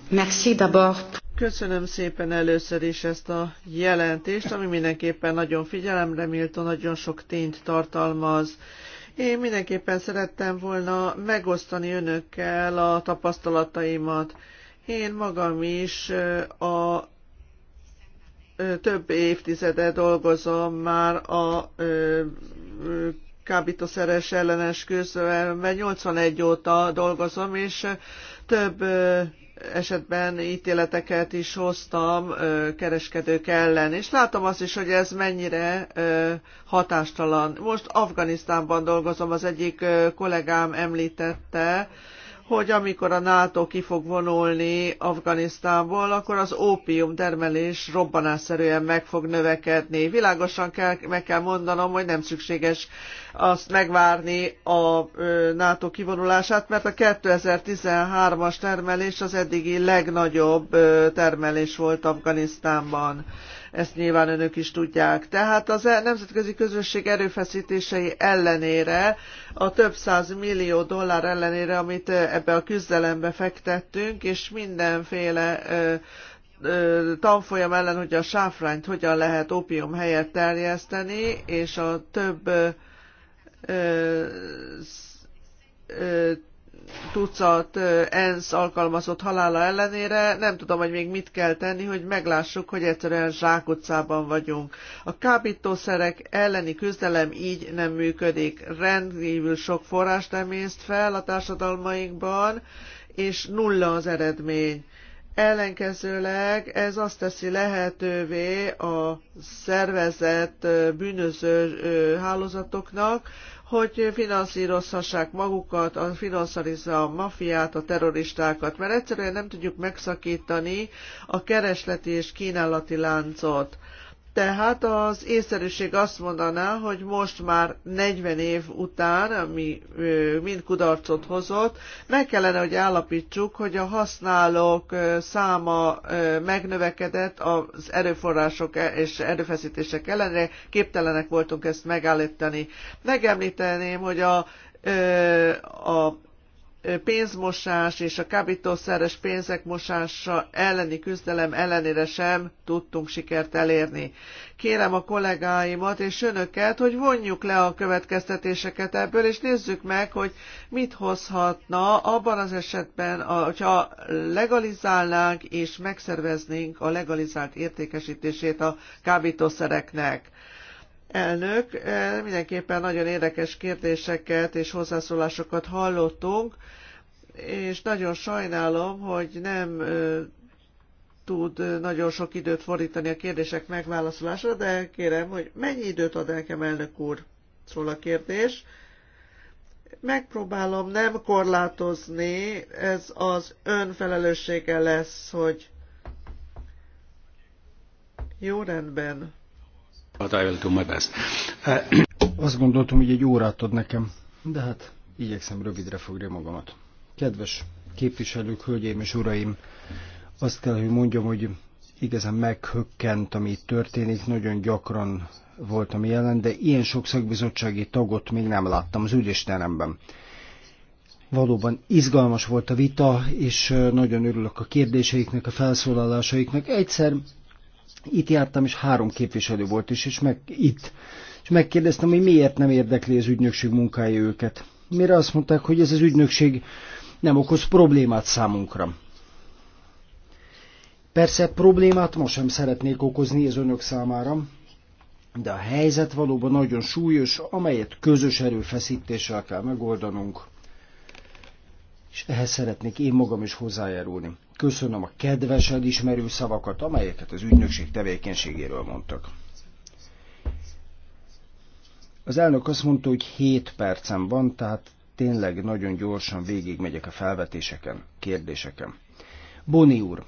Merci d'abord. Köszönöm szépen először is ezt a jelentést, ami mindenképpen nagyon figyelemre méltó, nagyon sok tényt tartalmaz. Én mindenképpen szerettem volna megosztani önökkel a tapasztalataimat. Én magam is a több évtizede dolgozom már a kábítószeres ellenes küzdelemben, 81 óta dolgozom, és több esetben ítéleteket is hoztam kereskedők ellen, és látom azt is, hogy ez mennyire hatástalan. Most Afganisztánban dolgozom, az egyik kollégám említette, hogy amikor a NATO ki fog vonulni Afganisztánból, akkor az ópium termelés robbanásszerűen meg fog növekedni. Világosan kell, meg kell mondanom, hogy nem szükséges azt megvárni a NATO kivonulását, mert a 2013-as termelés az eddigi legnagyobb termelés volt Afganisztánban ezt nyilván önök is tudják. Tehát az e- nemzetközi közösség erőfeszítései ellenére, a több száz millió dollár ellenére, amit ebbe a küzdelembe fektettünk, és mindenféle tanfolyam ellen, hogy a sáfrányt hogyan lehet opium helyett terjeszteni, és a több tucat ENSZ alkalmazott halála ellenére nem tudom, hogy még mit kell tenni, hogy meglássuk, hogy egyszerűen zsákutcában vagyunk. A kábítószerek elleni küzdelem így nem működik. Rendkívül sok forrást emészt fel a társadalmainkban, és nulla az eredmény. Ellenkezőleg ez azt teszi lehetővé a szervezett bűnöző hálózatoknak, hogy finanszírozhassák magukat, a finanszírozza a mafiát, a terroristákat, mert egyszerűen nem tudjuk megszakítani a keresleti és kínálati láncot. Tehát az észszerűség azt mondaná, hogy most már 40 év után, ami mind kudarcot hozott, meg kellene, hogy állapítsuk, hogy a használók száma megnövekedett az erőforrások e- és erőfeszítések ellenére, képtelenek voltunk ezt megállítani. Megemlíteném, hogy a a pénzmosás és a kábítószeres pénzek mosása elleni küzdelem ellenére sem tudtunk sikert elérni. Kérem a kollégáimat és önöket, hogy vonjuk le a következtetéseket ebből, és nézzük meg, hogy mit hozhatna abban az esetben, hogyha legalizálnánk és megszerveznénk a legalizált értékesítését a kábítószereknek elnök. Eh, mindenképpen nagyon érdekes kérdéseket és hozzászólásokat hallottunk, és nagyon sajnálom, hogy nem eh, tud eh, nagyon sok időt fordítani a kérdések megválaszolására, de kérem, hogy mennyi időt ad nekem, elnök úr? Szól a kérdés. Megpróbálom nem korlátozni, ez az önfelelőssége lesz, hogy jó rendben. But I will do my best. Eh, azt gondoltam, hogy egy órát ad nekem, de hát igyekszem rövidre fogni magamat. Kedves képviselők, hölgyeim és uraim, azt kell, hogy mondjam, hogy igazán meghökkent, ami itt történik, nagyon gyakran voltam jelen, de ilyen sok szakbizottsági tagot még nem láttam az ülésteremben. Valóban izgalmas volt a vita, és eh, nagyon örülök a kérdéseiknek, a felszólalásaiknak. Egyszer itt jártam, és három képviselő volt is, és meg itt. És megkérdeztem, hogy miért nem érdekli az ügynökség munkája őket. Mire azt mondták, hogy ez az ügynökség nem okoz problémát számunkra. Persze problémát most sem szeretnék okozni az önök számára, de a helyzet valóban nagyon súlyos, amelyet közös erőfeszítéssel kell megoldanunk, és ehhez szeretnék én magam is hozzájárulni. Köszönöm a kedvesen ismerő szavakat, amelyeket az ügynökség tevékenységéről mondtak. Az elnök azt mondta, hogy 7 percem van, tehát tényleg nagyon gyorsan végigmegyek a felvetéseken, kérdéseken. Boni úr,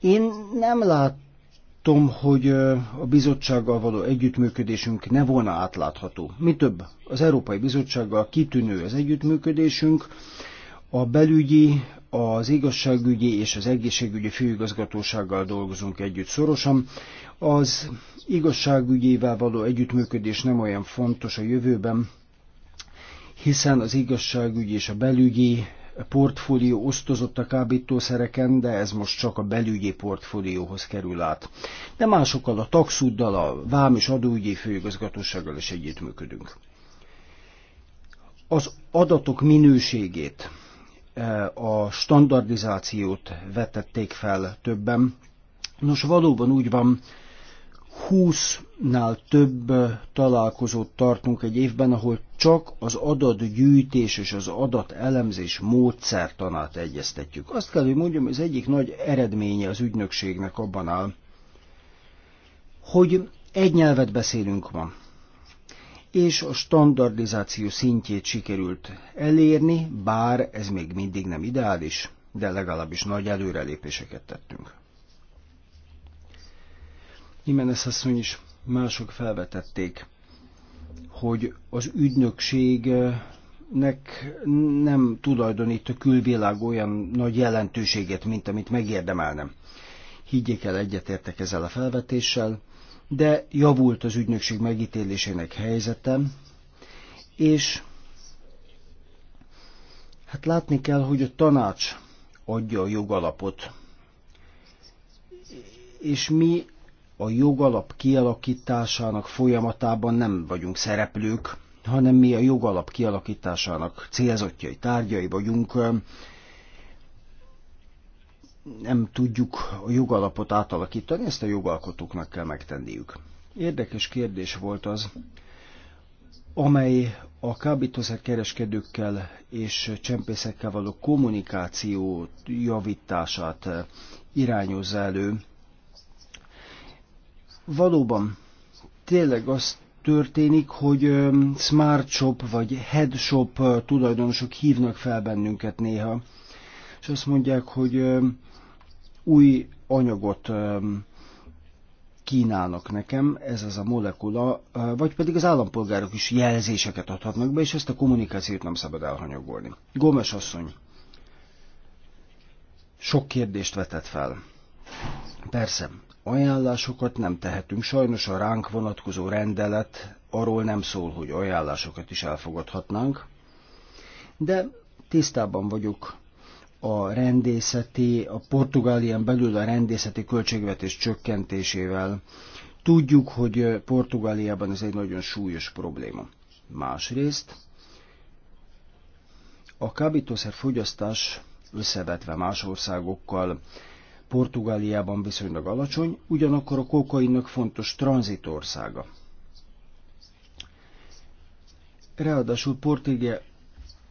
én nem látom, hogy a bizottsággal való együttműködésünk ne volna átlátható. Mi több, az Európai Bizottsággal kitűnő az együttműködésünk, a belügyi az igazságügyi és az egészségügyi főigazgatósággal dolgozunk együtt szorosan. Az igazságügyével való együttműködés nem olyan fontos a jövőben, hiszen az igazságügyi és a belügyi portfólió osztozott a kábítószereken, de ez most csak a belügyi portfólióhoz kerül át. De másokkal, a taxuddal, a vám és adóügyi főigazgatósággal is együttműködünk. Az adatok minőségét a standardizációt vetették fel többen. Nos, valóban úgy van, 20-nál több találkozót tartunk egy évben, ahol csak az adatgyűjtés és az adatelemzés módszertanát egyeztetjük. Azt kell, hogy mondjam, az egyik nagy eredménye az ügynökségnek abban áll, hogy egy nyelvet beszélünk ma és a standardizáció szintjét sikerült elérni, bár ez még mindig nem ideális, de legalábbis nagy előrelépéseket tettünk. Jimenez asszony is mások felvetették, hogy az ügynökségnek nem tulajdonít a külvilág olyan nagy jelentőséget, mint amit megérdemelnem. Higgyék el, egyetértek ezzel a felvetéssel, de javult az ügynökség megítélésének helyzetem, és hát látni kell, hogy a tanács adja a jogalapot, és mi a jogalap kialakításának folyamatában nem vagyunk szereplők, hanem mi a jogalap kialakításának célzottjai, tárgyai vagyunk, nem tudjuk a jogalapot átalakítani, ezt a jogalkotóknak kell megtenniük. Érdekes kérdés volt az, amely a kábítószerkereskedőkkel és csempészekkel való kommunikáció javítását irányozza elő. Valóban tényleg az történik, hogy smart shop vagy head shop tulajdonosok hívnak fel bennünket néha, és azt mondják, hogy új anyagot kínálnak nekem, ez az a molekula, vagy pedig az állampolgárok is jelzéseket adhatnak be, és ezt a kommunikációt nem szabad elhanyagolni. Gómez asszony sok kérdést vetett fel. Persze, ajánlásokat nem tehetünk, sajnos a ránk vonatkozó rendelet arról nem szól, hogy ajánlásokat is elfogadhatnánk, de tisztában vagyok a rendészeti, a Portugálián belül a rendészeti költségvetés csökkentésével. Tudjuk, hogy Portugáliában ez egy nagyon súlyos probléma. Másrészt a kábítószer fogyasztás összevetve más országokkal Portugáliában viszonylag alacsony, ugyanakkor a kokainnak fontos tranzitországa. Ráadásul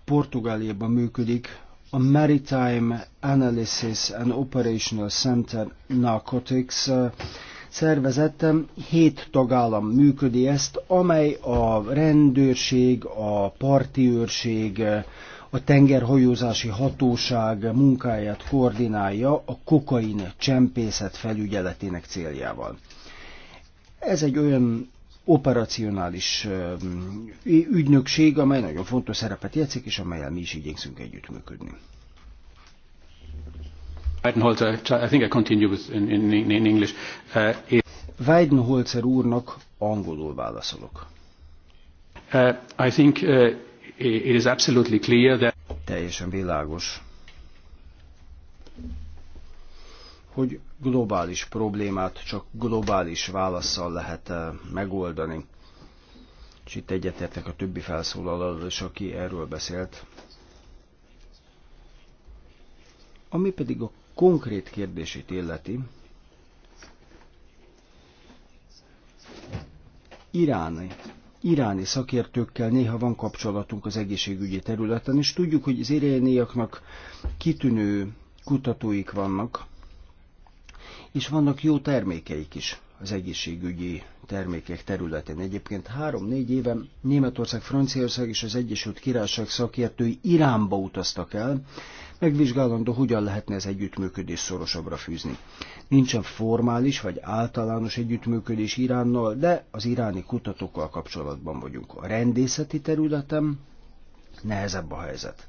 Portugáliában működik a Maritime Analysis and Operational Center Narcotics szervezetem, hét tagállam működi ezt, amely a rendőrség, a parti őrség, a tengerhajózási hatóság munkáját koordinálja a kokain csempészet felügyeletének céljával. Ez egy olyan operacionális ügynökség, amely nagyon fontos szerepet játszik, és amelyel mi is igyekszünk együttműködni. Weidenholzer, uh, úrnak angolul válaszolok. Uh, I think uh, it is absolutely clear that... Teljesen világos, hogy globális problémát csak globális válaszsal lehet eh, megoldani. És itt egyetértek a többi felszólalal is, aki erről beszélt. Ami pedig a konkrét kérdését illeti, iráni, iráni szakértőkkel néha van kapcsolatunk az egészségügyi területen, és tudjuk, hogy az irániaknak kitűnő kutatóik vannak, és vannak jó termékeik is az egészségügyi termékek területén. Egyébként három-négy éven Németország, Franciaország és az Egyesült Királyság szakértői Iránba utaztak el, megvizsgálandó, hogyan lehetne ez együttműködés szorosabbra fűzni. Nincsen formális vagy általános együttműködés Iránnal, de az iráni kutatókkal kapcsolatban vagyunk. A rendészeti területem nehezebb a helyzet.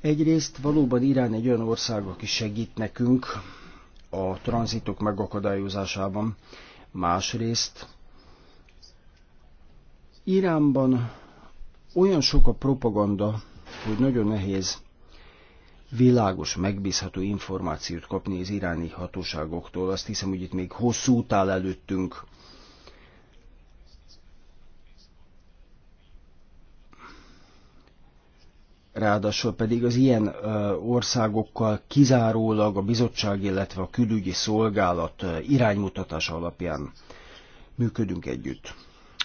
Egyrészt valóban Irán egy olyan ország, aki segít nekünk, a tranzitok megakadályozásában, másrészt Iránban olyan sok a propaganda, hogy nagyon nehéz világos, megbízható információt kapni az iráni hatóságoktól. Azt hiszem, hogy itt még hosszú utál előttünk, ráadásul pedig az ilyen országokkal kizárólag a bizottság, illetve a külügyi szolgálat iránymutatása alapján működünk együtt.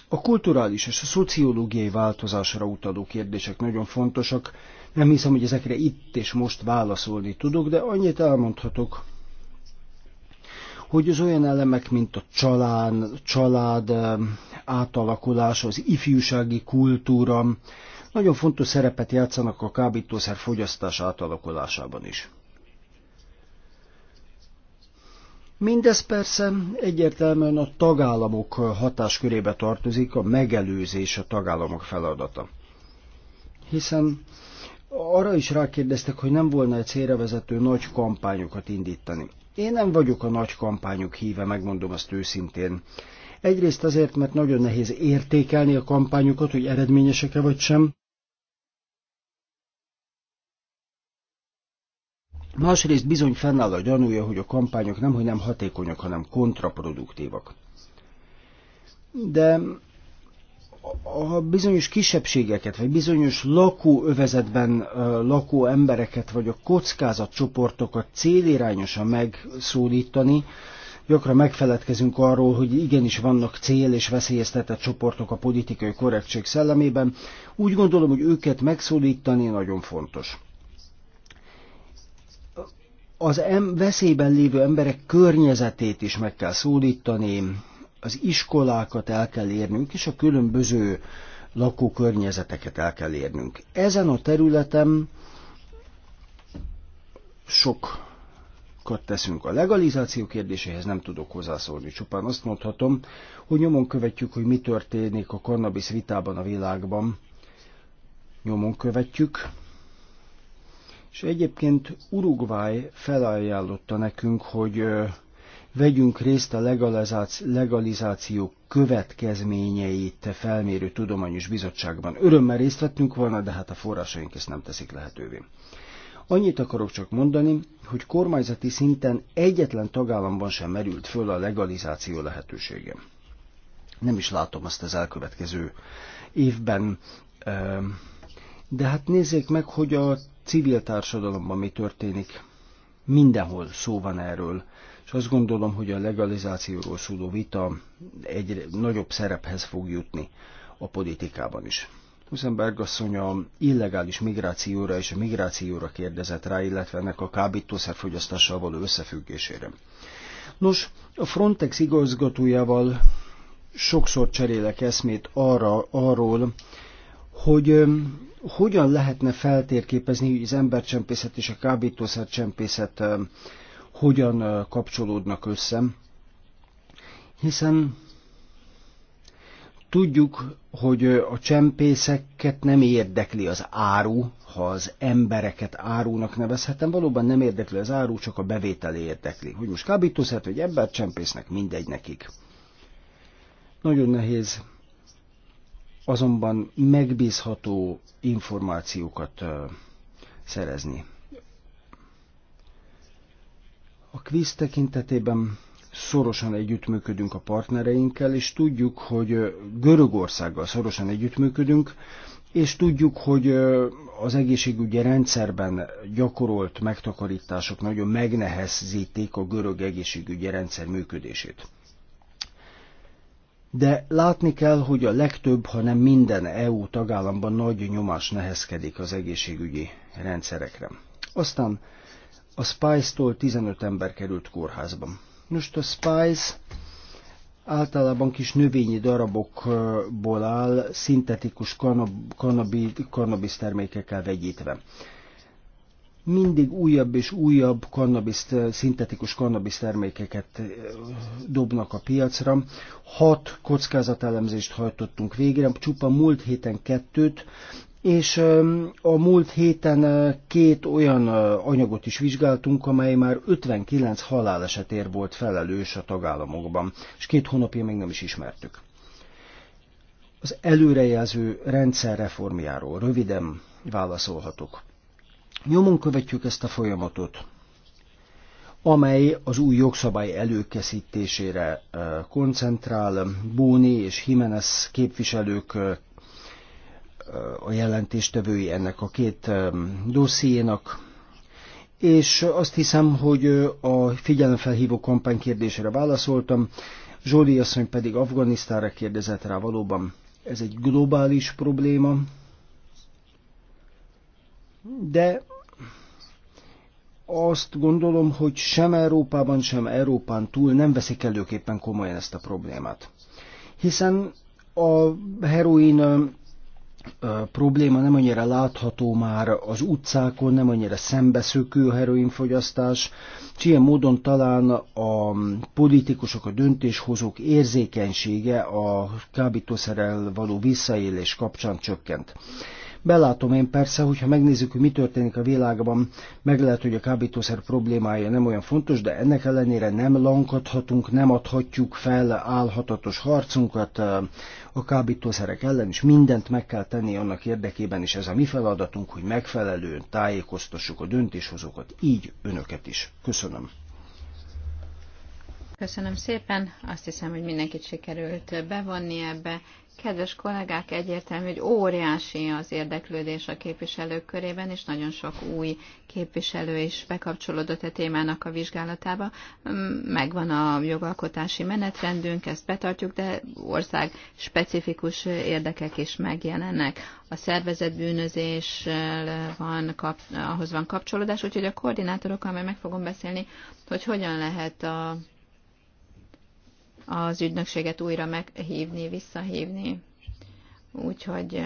A kulturális és a szociológiai változásra utaló kérdések nagyon fontosak. Nem hiszem, hogy ezekre itt és most válaszolni tudok, de annyit elmondhatok, hogy az olyan elemek, mint a család, család átalakulása, az ifjúsági kultúra, nagyon fontos szerepet játszanak a kábítószer fogyasztás átalakulásában is. Mindez persze egyértelműen a tagállamok hatáskörébe tartozik, a megelőzés a tagállamok feladata. Hiszen arra is rákérdeztek, hogy nem volna egy célra vezető nagy kampányokat indítani. Én nem vagyok a nagy kampányok híve, megmondom azt őszintén. Egyrészt azért, mert nagyon nehéz értékelni a kampányokat, hogy eredményesek-e vagy sem. Másrészt bizony fennáll a gyanúja, hogy a kampányok nem, hogy nem hatékonyak, hanem kontraproduktívak. De a bizonyos kisebbségeket, vagy bizonyos lakóövezetben lakó embereket, vagy a kockázatcsoportokat célirányosan megszólítani, gyakran megfeledkezünk arról, hogy igenis vannak cél és veszélyeztetett csoportok a politikai korrektség szellemében. Úgy gondolom, hogy őket megszólítani nagyon fontos az em- veszélyben lévő emberek környezetét is meg kell szólítani, az iskolákat el kell érnünk, és a különböző lakókörnyezeteket el kell érnünk. Ezen a területen sokat teszünk a legalizáció kérdéséhez, nem tudok hozzászólni, csupán azt mondhatom, hogy nyomon követjük, hogy mi történik a kannabisz vitában a világban. Nyomon követjük, és egyébként Uruguay felajánlotta nekünk, hogy vegyünk részt a legalizáció következményeit felmérő tudományos bizottságban. Örömmel részt vettünk volna, de hát a forrásaink ezt nem teszik lehetővé. Annyit akarok csak mondani, hogy kormányzati szinten egyetlen tagállamban sem merült föl a legalizáció lehetősége. Nem is látom azt az elkövetkező évben. De hát nézzék meg, hogy a civil társadalomban mi történik. Mindenhol szó van erről, és azt gondolom, hogy a legalizációról szóló vita egy nagyobb szerephez fog jutni a politikában is. Husenberg asszony a illegális migrációra és a migrációra kérdezett rá, illetve ennek a kábítószerfogyasztással való összefüggésére. Nos, a Frontex igazgatójával sokszor cserélek eszmét arra, arról, hogy hogyan lehetne feltérképezni, hogy az embercsempészet és a kábítószercsempészet hogyan kapcsolódnak össze, hiszen tudjuk, hogy a csempészeket nem érdekli az áru, ha az embereket árunak nevezhetem, valóban nem érdekli az áru, csak a bevétel érdekli. Hogy most kábítószert, vagy embercsempésznek, mindegy nekik. Nagyon nehéz azonban megbízható információkat szerezni. A kvíz tekintetében szorosan együttműködünk a partnereinkkel, és tudjuk, hogy Görögországgal szorosan együttműködünk, és tudjuk, hogy az egészségügyi rendszerben gyakorolt megtakarítások nagyon megnehezítik a görög egészségügyi rendszer működését de látni kell, hogy a legtöbb, hanem minden EU tagállamban nagy nyomás nehezkedik az egészségügyi rendszerekre. Aztán a Spice-tól 15 ember került kórházban. Most a Spice általában kis növényi darabokból áll, szintetikus kanab, kanabis termékekkel vegyítve mindig újabb és újabb kannabiszt, eh, szintetikus kannabisz termékeket eh, dobnak a piacra. Hat kockázatelemzést hajtottunk végre, csupa múlt héten kettőt, és a múlt héten eh, két olyan anyagot is vizsgáltunk, amely már 59 halálesetért volt felelős a tagállamokban, és két hónapja még nem is ismertük. Az előrejelző rendszer reformjáról röviden válaszolhatok. Nyomon követjük ezt a folyamatot, amely az új jogszabály előkészítésére eh, koncentrál. Bóni és Jimenez képviselők eh, a jelentéstevői ennek a két eh, dossziénak, és azt hiszem, hogy a figyelemfelhívó kampány kérdésére válaszoltam, Zsódi asszony pedig Afganisztára kérdezett rá valóban. Ez egy globális probléma, de azt gondolom, hogy sem Európában, sem Európán túl nem veszik előképpen komolyan ezt a problémát. Hiszen a heroin probléma nem annyira látható már az utcákon, nem annyira szembeszökő a heroinfogyasztás, és ilyen módon talán a politikusok, a döntéshozók érzékenysége a kábítószerrel való visszaélés kapcsán csökkent. Belátom én persze, hogyha megnézzük, hogy mi történik a világban, meg lehet, hogy a kábítószer problémája nem olyan fontos, de ennek ellenére nem lankadhatunk, nem adhatjuk fel állhatatos harcunkat a kábítószerek ellen, és mindent meg kell tenni annak érdekében, és ez a mi feladatunk, hogy megfelelően tájékoztassuk a döntéshozókat, így önöket is. Köszönöm. Köszönöm szépen. Azt hiszem, hogy mindenkit sikerült bevonni ebbe, Kedves kollégák, egyértelmű, hogy óriási az érdeklődés a képviselők körében, és nagyon sok új képviselő is bekapcsolódott a témának a vizsgálatába. Mm, megvan a jogalkotási menetrendünk, ezt betartjuk, de ország specifikus érdekek is megjelennek. A szervezetbűnözéssel van, kap, ahhoz van kapcsolódás, úgyhogy a koordinátorokkal meg fogom beszélni, hogy hogyan lehet a az ügynökséget újra meghívni, visszahívni. Úgyhogy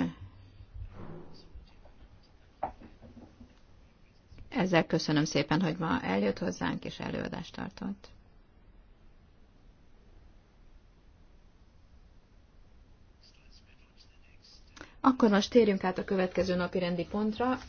ezzel köszönöm szépen, hogy ma eljött hozzánk és előadást tartott. Akkor most térjünk át a következő napi rendi pontra.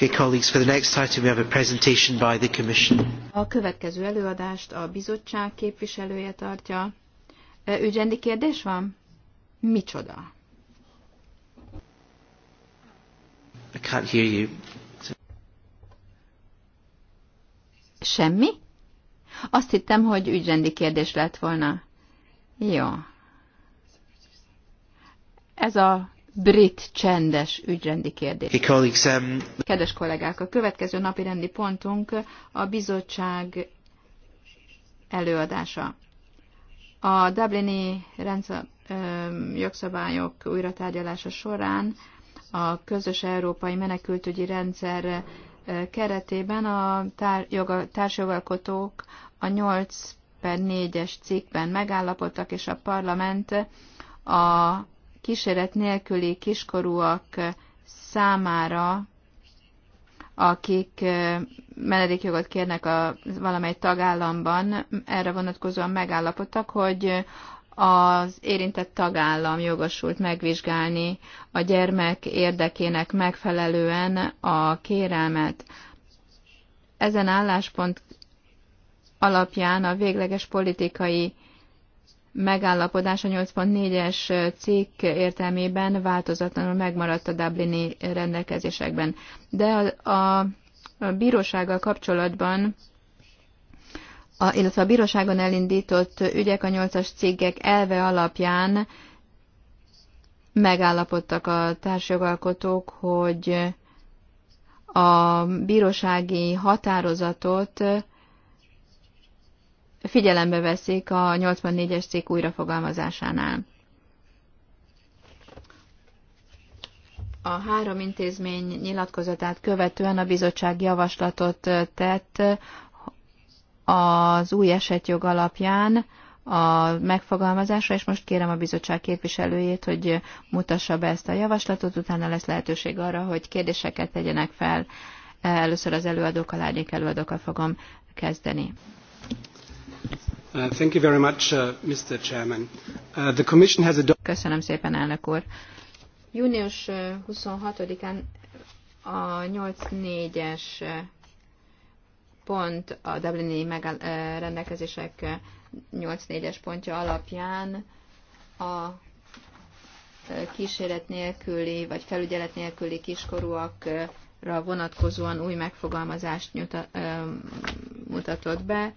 Okay, colleagues, for the next item we have a presentation by the Commission. A következő előadást a bizottság képviselője tartja. Ügyrendi kérdés van? Micsoda? I can't hear you. Semmi? Azt hittem, hogy ügyrendi kérdés lett volna. Jó. Ez a brit csendes ügyrendi kérdés. Um, Kedves kollégák, a következő napi rendi pontunk a bizottság előadása. A Dublini um, jogszabályok újratárgyalása során a közös európai menekültügyi rendszer uh, keretében a társjogalkotók a 8 per 4-es cikkben megállapodtak, és a parlament a kíséret nélküli kiskorúak számára, akik menedékjogot kérnek a valamely tagállamban, erre vonatkozóan megállapodtak, hogy az érintett tagállam jogosult megvizsgálni a gyermek érdekének megfelelően a kérelmet. Ezen álláspont alapján a végleges politikai megállapodás a 84-es cikk értelmében változatlanul megmaradt a Dublini rendelkezésekben. De a, a, a bírósággal kapcsolatban a, illetve a bíróságon elindított ügyek a 8-as cikkek elve alapján megállapodtak a társjogalkotók, hogy a bírósági határozatot figyelembe veszik a 84-es cikk újrafogalmazásánál. A három intézmény nyilatkozatát követően a bizottság javaslatot tett az új esetjog alapján a megfogalmazásra, és most kérem a bizottság képviselőjét, hogy mutassa be ezt a javaslatot, utána lesz lehetőség arra, hogy kérdéseket tegyenek fel. Először az előadókkal, lányék előadókkal fogom kezdeni. Uh, uh, uh, Köszönöm szépen, elnök úr. Június 26-án a 8.4-es pont a Dublini rendelkezések 8.4-es pontja alapján a kíséret nélküli vagy felügyelet nélküli kiskorúakra vonatkozóan új megfogalmazást nyuta, um, mutatott be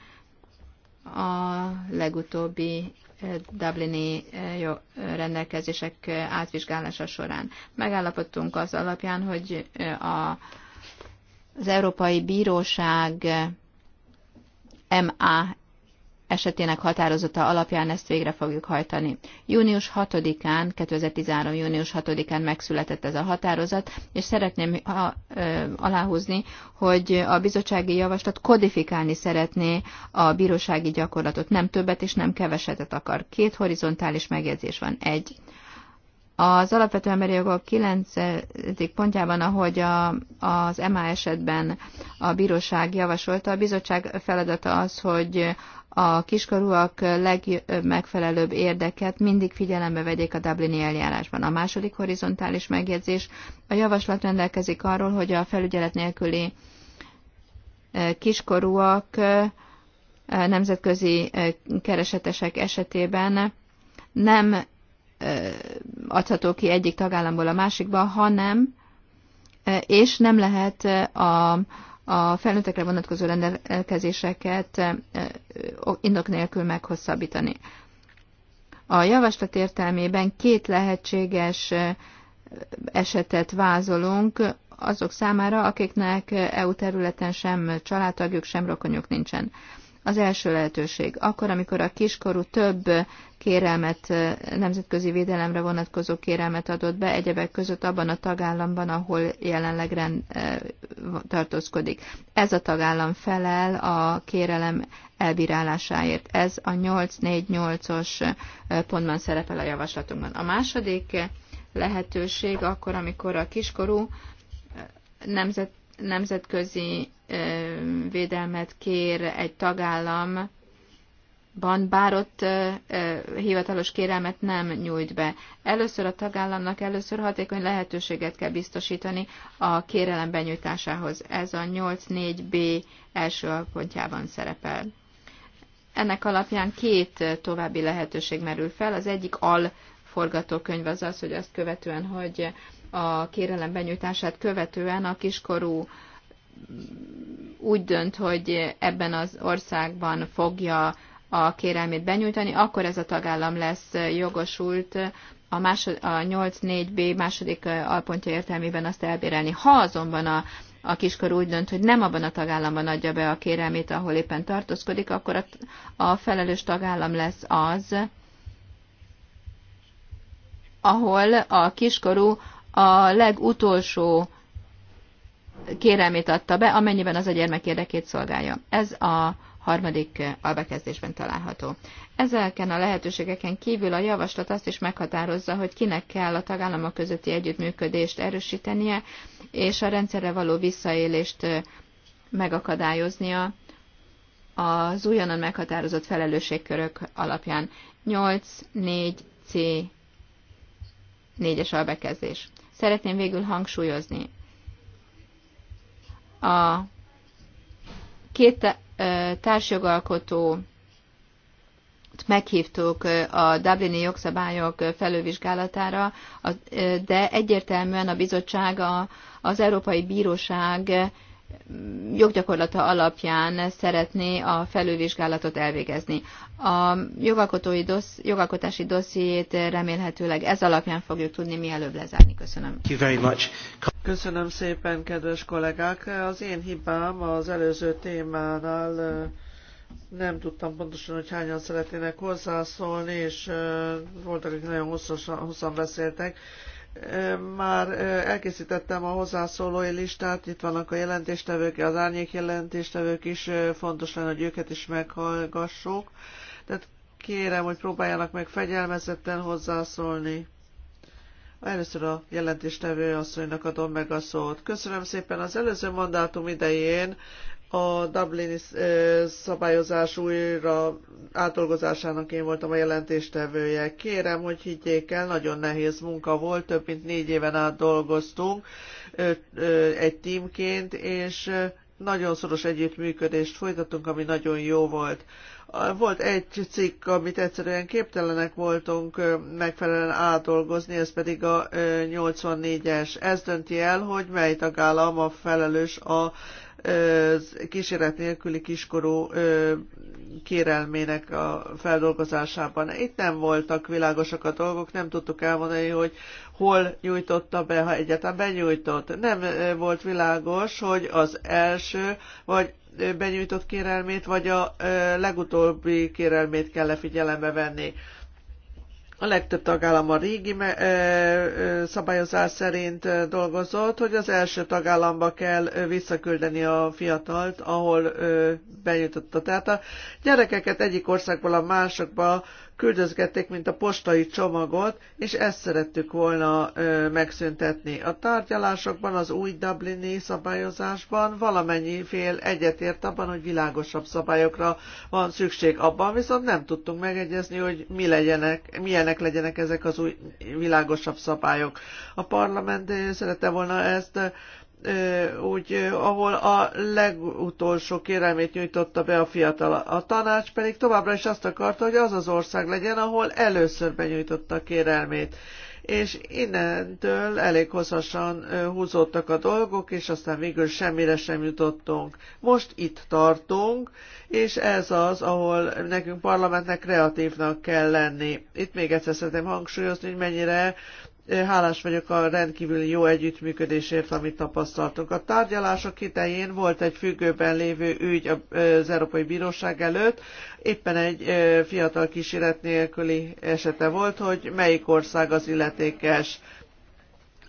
a legutóbbi eh, Dublini eh, eh, rendelkezések átvizsgálása során. Megállapodtunk az alapján, hogy a, az Európai Bíróság MA esetének határozata alapján ezt végre fogjuk hajtani. Június 6-án, 2013. június 6-án megszületett ez a határozat, és szeretném aláhúzni, hogy a bizottsági javaslat kodifikálni szeretné a bírósági gyakorlatot. Nem többet és nem kevesetet akar. Két horizontális megjegyzés van. Egy, az alapvető emberi jogok 9. pontjában, ahogy a, az EMA esetben a bíróság javasolta, a bizottság feladata az, hogy a kiskorúak legmegfelelőbb érdeket mindig figyelembe vegyék a Dublini eljárásban. A második horizontális megjegyzés a javaslat rendelkezik arról, hogy a felügyelet nélküli eh, kiskorúak eh, nemzetközi eh, keresetesek esetében nem adható ki egyik tagállamból a másikba, hanem és nem lehet a, a felnőttekre vonatkozó rendelkezéseket indok nélkül meghosszabbítani. A javaslat értelmében két lehetséges esetet vázolunk azok számára, akiknek EU területen sem családtagjuk, sem rokonjuk nincsen. Az első lehetőség. Akkor, amikor a kiskorú több kérelmet, nemzetközi védelemre vonatkozó kérelmet adott be, egyebek között abban a tagállamban, ahol jelenleg rend, tartózkodik. Ez a tagállam felel a kérelem elbírálásáért. Ez a 848-os pontban szerepel a javaslatunkban. A második lehetőség akkor, amikor a kiskorú nemzet, nemzetközi védelmet kér egy tagállam, ban, bár ott hivatalos kérelmet nem nyújt be. Először a tagállamnak először hatékony lehetőséget kell biztosítani a kérelem benyújtásához. Ez a 8.4b első alpontjában szerepel. Ennek alapján két további lehetőség merül fel. Az egyik al forgatókönyv az az, hogy azt követően, hogy a kérelem benyújtását követően a kiskorú úgy dönt, hogy ebben az országban fogja a kérelmét benyújtani, akkor ez a tagállam lesz jogosult a, másod, a 8.4b második alpontja értelmében azt elbérelni. Ha azonban a, a kiskor úgy dönt, hogy nem abban a tagállamban adja be a kérelmét, ahol éppen tartózkodik, akkor a, a felelős tagállam lesz az, ahol a kiskorú a legutolsó kérelmét adta be, amennyiben az a gyermek érdekét szolgálja. Ez a harmadik eh, albekezdésben található. Ezeken a lehetőségeken kívül a javaslat azt is meghatározza, hogy kinek kell a tagállamok közötti együttműködést erősítenie, és a rendszerre való visszaélést eh, megakadályoznia az újonnan meghatározott felelősségkörök alapján. 8-4-C 4-es albekezdés. Szeretném végül hangsúlyozni, a két társjogalkotó meghívtuk a Dublini jogszabályok felővizsgálatára, de egyértelműen a bizottság az Európai Bíróság joggyakorlata alapján szeretné a felülvizsgálatot elvégezni. A jogalkotói dossz, jogalkotási dossziét remélhetőleg ez alapján fogjuk tudni mielőbb lezárni. Köszönöm. Köszönöm szépen, kedves kollégák. Az én hibám az előző témánál nem tudtam pontosan, hogy hányan szeretnének hozzászólni, és voltak, akik nagyon hosszan, hosszan beszéltek már elkészítettem a hozzászólói listát, itt vannak a jelentéstevők, az árnyék jelentéstevők is, fontos lenne, hogy őket is meghallgassuk. Tehát kérem, hogy próbáljanak meg fegyelmezetten hozzászólni. Először a jelentéstevő asszonynak adom meg a szót. Köszönöm szépen az előző mandátum idején a Dublini szabályozás újra átdolgozásának én voltam a jelentéstevője. Kérem, hogy higgyék el, nagyon nehéz munka volt, több mint négy éven át dolgoztunk egy tímként, és nagyon szoros együttműködést folytattunk, ami nagyon jó volt. Volt egy cikk, amit egyszerűen képtelenek voltunk megfelelően átolgozni, ez pedig a 84-es. Ez dönti el, hogy mely tagállam a felelős a kíséret nélküli kiskorú kérelmének a feldolgozásában. Itt nem voltak világosak a dolgok, nem tudtuk elmondani, hogy hol nyújtotta be, ha egyáltalán benyújtott. Nem volt világos, hogy az első, vagy benyújtott kérelmét, vagy a legutóbbi kérelmét kell -e figyelembe venni a legtöbb tagállam a régi szabályozás szerint dolgozott, hogy az első tagállamba kell visszaküldeni a fiatalt, ahol bejutotta. Tehát a gyerekeket egyik országból a másokba küldözgették, mint a postai csomagot, és ezt szerettük volna ö, megszüntetni. A tárgyalásokban, az új Dublini szabályozásban valamennyi fél egyetért abban, hogy világosabb szabályokra van szükség. Abban viszont nem tudtunk megegyezni, hogy mi legyenek, milyenek legyenek ezek az új világosabb szabályok. A parlament szerette volna ezt úgy, ahol a legutolsó kérelmét nyújtotta be a fiatal. A tanács pedig továbbra is azt akarta, hogy az az ország legyen, ahol először benyújtotta a kérelmét. És innentől elég hosszasan húzódtak a dolgok, és aztán végül semmire sem jutottunk. Most itt tartunk, és ez az, ahol nekünk parlamentnek kreatívnak kell lenni. Itt még egyszer szeretném hangsúlyozni, hogy mennyire Hálás vagyok a rendkívüli jó együttműködésért, amit tapasztaltunk. A tárgyalások idején volt egy függőben lévő ügy az Európai Bíróság előtt, éppen egy fiatal kísérlet nélküli esete volt, hogy melyik ország az illetékes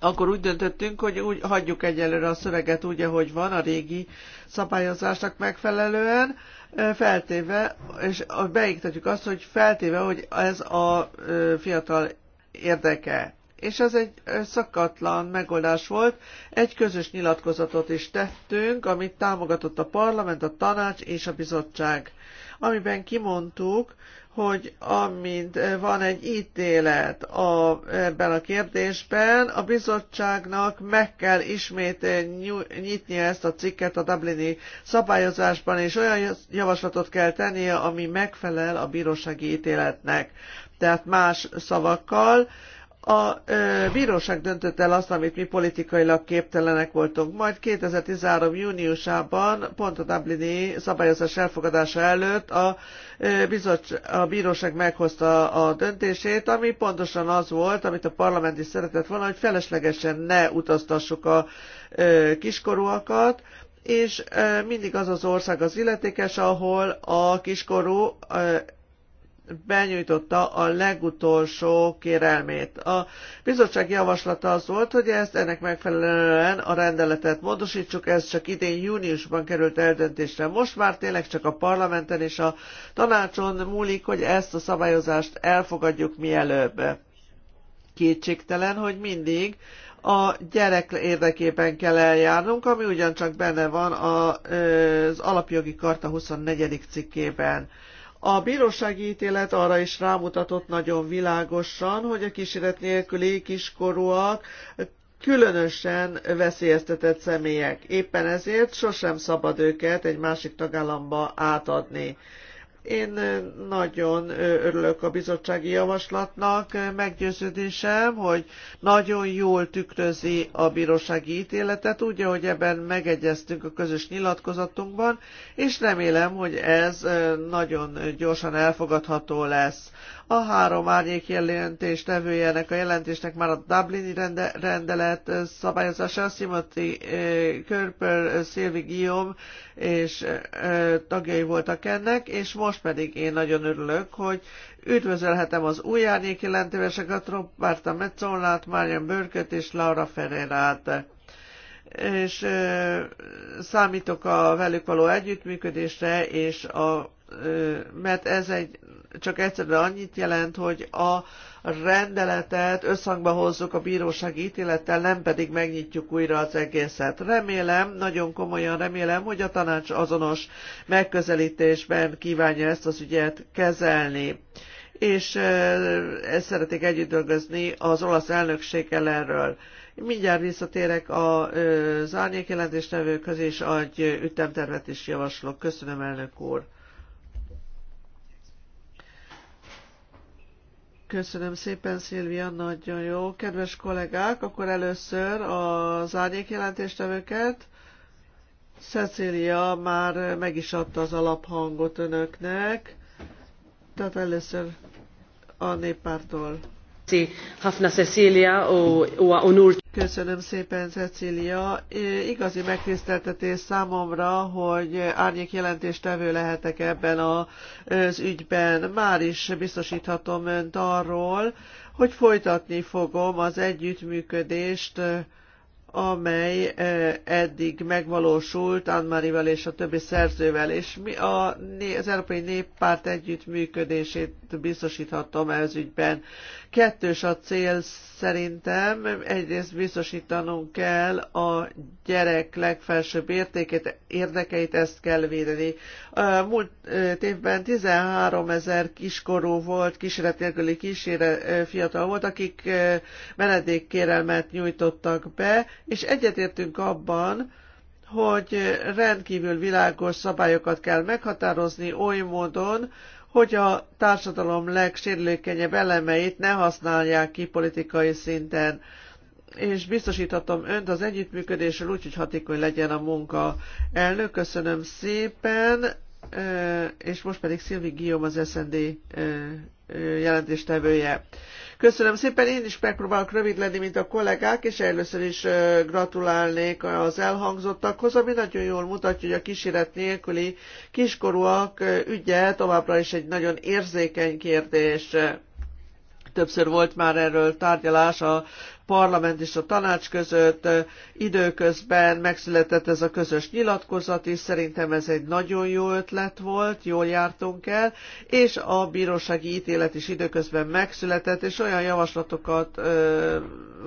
akkor úgy döntöttünk, hogy úgy hagyjuk egyelőre a szöveget úgy, ahogy van, a régi szabályozásnak megfelelően, feltéve, és beiktatjuk azt, hogy feltéve, hogy ez a fiatal érdeke és ez egy szakatlan megoldás volt. Egy közös nyilatkozatot is tettünk, amit támogatott a parlament, a tanács és a bizottság, amiben kimondtuk, hogy amint van egy ítélet a, ebben a kérdésben, a bizottságnak meg kell ismét nyitni ezt a cikket a Dublini szabályozásban, és olyan javaslatot kell tennie, ami megfelel a bírósági ítéletnek. Tehát más szavakkal, a ö, bíróság döntött el azt, amit mi politikailag képtelenek voltunk. Majd 2013. júniusában, pont a Dublini szabályozás elfogadása előtt a, ö, a bíróság meghozta a döntését, ami pontosan az volt, amit a parlament is szeretett volna, hogy feleslegesen ne utaztassuk a ö, kiskorúakat, és ö, mindig az az ország az illetékes, ahol a kiskorú. Ö, benyújtotta a legutolsó kérelmét. A bizottság javaslata az volt, hogy ezt ennek megfelelően a rendeletet módosítsuk, ez csak idén júniusban került eldöntésre. Most már tényleg csak a parlamenten és a tanácson múlik, hogy ezt a szabályozást elfogadjuk mielőbb. Kétségtelen, hogy mindig a gyerek érdekében kell eljárnunk, ami ugyancsak benne van az alapjogi karta 24. cikkében a bírósági ítélet arra is rámutatott nagyon világosan, hogy a kísérlet nélküli kiskorúak különösen veszélyeztetett személyek. Éppen ezért sosem szabad őket egy másik tagállamba átadni. Én nagyon örülök a bizottsági javaslatnak, meggyőződésem, hogy nagyon jól tükrözi a bírósági ítéletet, úgy, ahogy ebben megegyeztünk a közös nyilatkozatunkban, és remélem, hogy ez nagyon gyorsan elfogadható lesz. A három árnyék jelentés nevőjének a jelentésnek már a Dublini rende, rendelet szabályozása, Simothy Körpör, Szilvi Guillaume és tagjai voltak ennek, és most pedig én nagyon örülök, hogy üdvözölhetem az új árnyék jelentéseket. Roberta Metzolnát, Marian Börköt és Laura Ferrerát és számítok a velük való együttműködésre, és a, mert ez egy, csak egyszerűen annyit jelent, hogy a rendeletet összhangba hozzuk a bírósági ítélettel, nem pedig megnyitjuk újra az egészet. Remélem, nagyon komolyan remélem, hogy a tanács azonos megközelítésben kívánja ezt az ügyet kezelni és ezt szeretik együtt dolgozni az olasz elnökség ellenről. Mindjárt visszatérek az árnyékjelentéstevőkhöz, és egy ütemtervet is javaslok. Köszönöm, elnök úr! Köszönöm szépen, Szilvia, nagyon jó. Kedves kollégák, akkor először az árnyékjelentéstevőket. Cecília már meg is adta az alaphangot önöknek, tehát először a néppártól. Köszönöm szépen, Cecília. Igazi megtiszteltetés számomra, hogy árnyék jelentéstevő lehetek ebben az ügyben. Már is biztosíthatom önt arról, hogy folytatni fogom az együttműködést amely eddig megvalósult Anmarival és a többi szerzővel, és mi a, az Európai Néppárt együttműködését biztosíthatom ez ügyben. Kettős a cél szerintem. Egyrészt biztosítanunk kell a gyerek legfelsőbb értékét, érdekeit, ezt kell védeni. A múlt évben 13 ezer kiskorú volt, kísérlet nélküli kísére fiatal volt, akik menedékkérelmet nyújtottak be, és egyetértünk abban, hogy rendkívül világos szabályokat kell meghatározni oly módon, hogy a társadalom legsérülékenyebb elemeit ne használják ki politikai szinten és biztosíthatom önt az együttműködésről úgy, hogy hatékony legyen a munka. Elnök, köszönöm szépen, és most pedig Szilvi Guillaume az SND jelentéstevője. Köszönöm szépen, én is megpróbálok rövid lenni, mint a kollégák, és először is gratulálnék az elhangzottakhoz, ami nagyon jól mutatja, hogy a kísérlet nélküli kiskorúak ügye továbbra is egy nagyon érzékeny kérdés. Többször volt már erről tárgyalás a parlament és a tanács között. Időközben megszületett ez a közös nyilatkozat, és szerintem ez egy nagyon jó ötlet volt, jól jártunk el, és a bírósági ítélet is időközben megszületett, és olyan javaslatokat ö,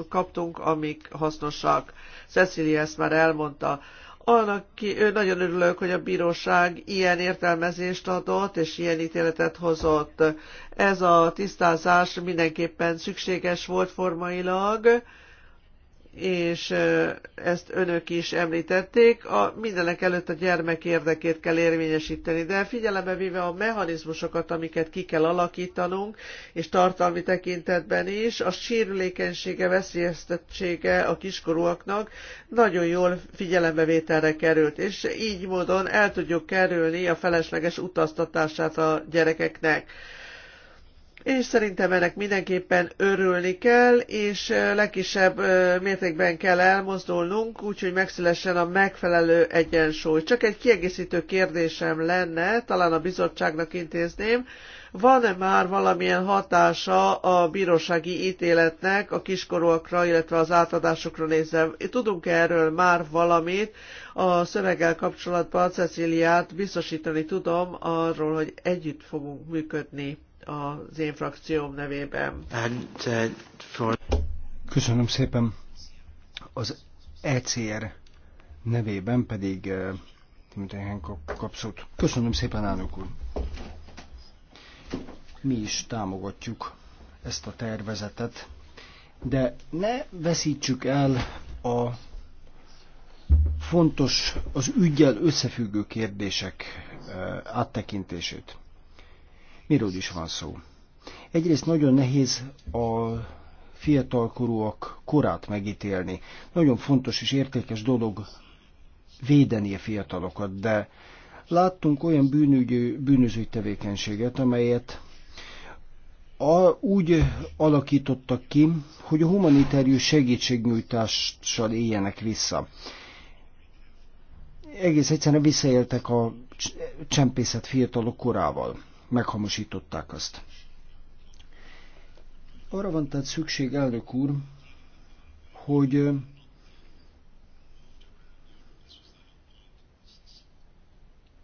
kaptunk, amik hasznosak. Cecilia ezt már elmondta. Annak ki, nagyon örülök, hogy a bíróság ilyen értelmezést adott, és ilyen ítéletet hozott. Ez a tisztázás mindenképpen szükséges volt formailag, és ezt önök is említették, a mindenek előtt a gyermek érdekét kell érvényesíteni, de figyelembe véve a mechanizmusokat, amiket ki kell alakítanunk, és tartalmi tekintetben is, a sérülékenysége, veszélyeztettsége a kiskorúaknak nagyon jól figyelembevételre került, és így módon el tudjuk kerülni a felesleges utaztatását a gyerekeknek és szerintem ennek mindenképpen örülni kell, és legkisebb mértékben kell elmozdulnunk, úgyhogy megszülessen a megfelelő egyensúly. Csak egy kiegészítő kérdésem lenne, talán a bizottságnak intézném, van-e már valamilyen hatása a bírósági ítéletnek a kiskorúakra, illetve az átadásokra nézve? Tudunk-e erről már valamit? A szöveggel kapcsolatban Ceciliát biztosítani tudom arról, hogy együtt fogunk működni az én frakcióm nevében. Uh, Köszönöm szépen. Az ECR nevében pedig uh, Timothy Hancock kapszót. Köszönöm szépen, elnök úr. Mi is támogatjuk ezt a tervezetet, de ne veszítsük el a fontos, az ügyel összefüggő kérdések uh, áttekintését. Miről is van szó? Egyrészt nagyon nehéz a fiatalkorúak korát megítélni. Nagyon fontos és értékes dolog védeni a fiatalokat, de láttunk olyan bűnügyi, bűnöző tevékenységet, amelyet a, úgy alakítottak ki, hogy a humanitárius segítségnyújtással éljenek vissza. Egész egyszerűen visszaéltek a csempészet fiatalok korával meghamosították azt. Arra van tehát szükség, elnök úr, hogy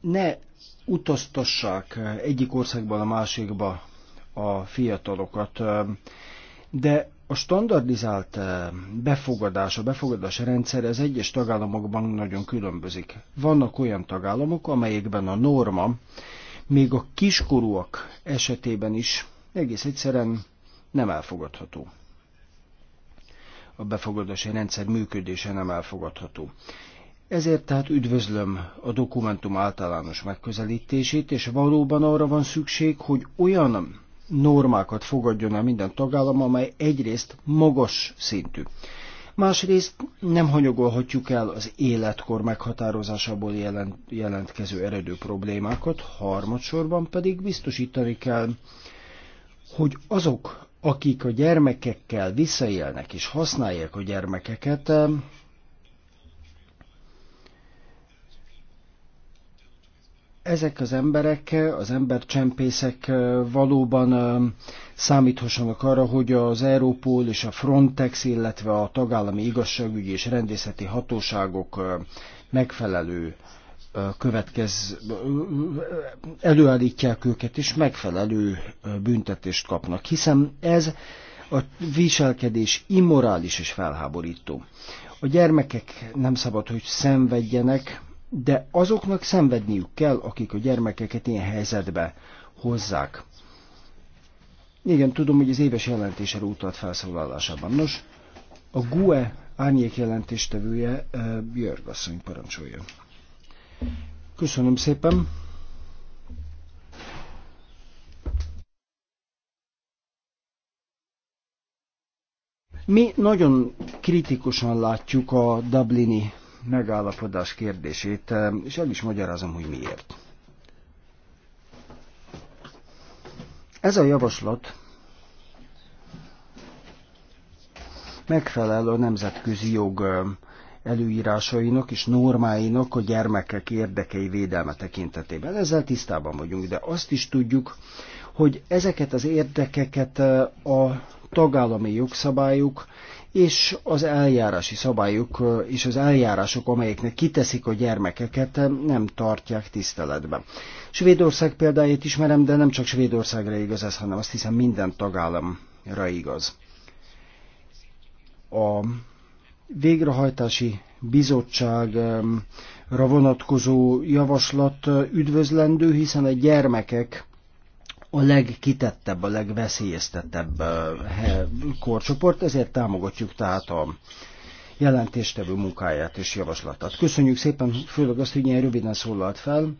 ne utaztassák egyik országból a másikba a fiatalokat, de a standardizált befogadás, a befogadás rendszer az egyes tagállamokban nagyon különbözik. Vannak olyan tagállamok, amelyekben a norma még a kiskorúak esetében is egész egyszerűen nem elfogadható. A befogadási rendszer működése nem elfogadható. Ezért tehát üdvözlöm a dokumentum általános megközelítését, és valóban arra van szükség, hogy olyan normákat fogadjon el minden tagállam, amely egyrészt magas szintű. Másrészt nem hanyagolhatjuk el az életkor meghatározásából jelent, jelentkező eredő problémákat, harmadsorban pedig biztosítani kell, hogy azok, akik a gyermekekkel visszaélnek és használják a gyermekeket, ezek az emberek, az embercsempészek valóban számíthassanak arra, hogy az Európol és a Frontex, illetve a tagállami igazságügyi és rendészeti hatóságok megfelelő következ, előállítják őket, és megfelelő büntetést kapnak, hiszen ez a viselkedés immorális és felháborító. A gyermekek nem szabad, hogy szenvedjenek, de azoknak szenvedniük kell, akik a gyermekeket ilyen helyzetbe hozzák. Igen, tudom, hogy az éves jelentésre utalt felszólalásában. Nos, a GUE árnyék jelentéstevője eh, Björg asszony parancsolja. Köszönöm szépen. Mi nagyon kritikusan látjuk a Dublini megállapodás kérdését, és el is magyarázom, hogy miért. Ez a javaslat megfelel a nemzetközi jog előírásainak és normáinak a gyermekek érdekei védelme tekintetében. Ezzel tisztában vagyunk, de azt is tudjuk, hogy ezeket az érdekeket a tagállami jogszabályok és az eljárási szabályok és az eljárások, amelyeknek kiteszik a gyermekeket, nem tartják tiszteletbe. Svédország példáját ismerem, de nem csak Svédországra igaz ez, hanem azt hiszem minden tagállamra igaz. A végrehajtási bizottságra vonatkozó javaslat üdvözlendő, hiszen a gyermekek a legkitettebb, a legveszélyeztetebb korcsoport, ezért támogatjuk tehát a jelentéstevő munkáját és javaslatát. Köszönjük szépen, főleg azt, hogy ilyen röviden szólalt fel.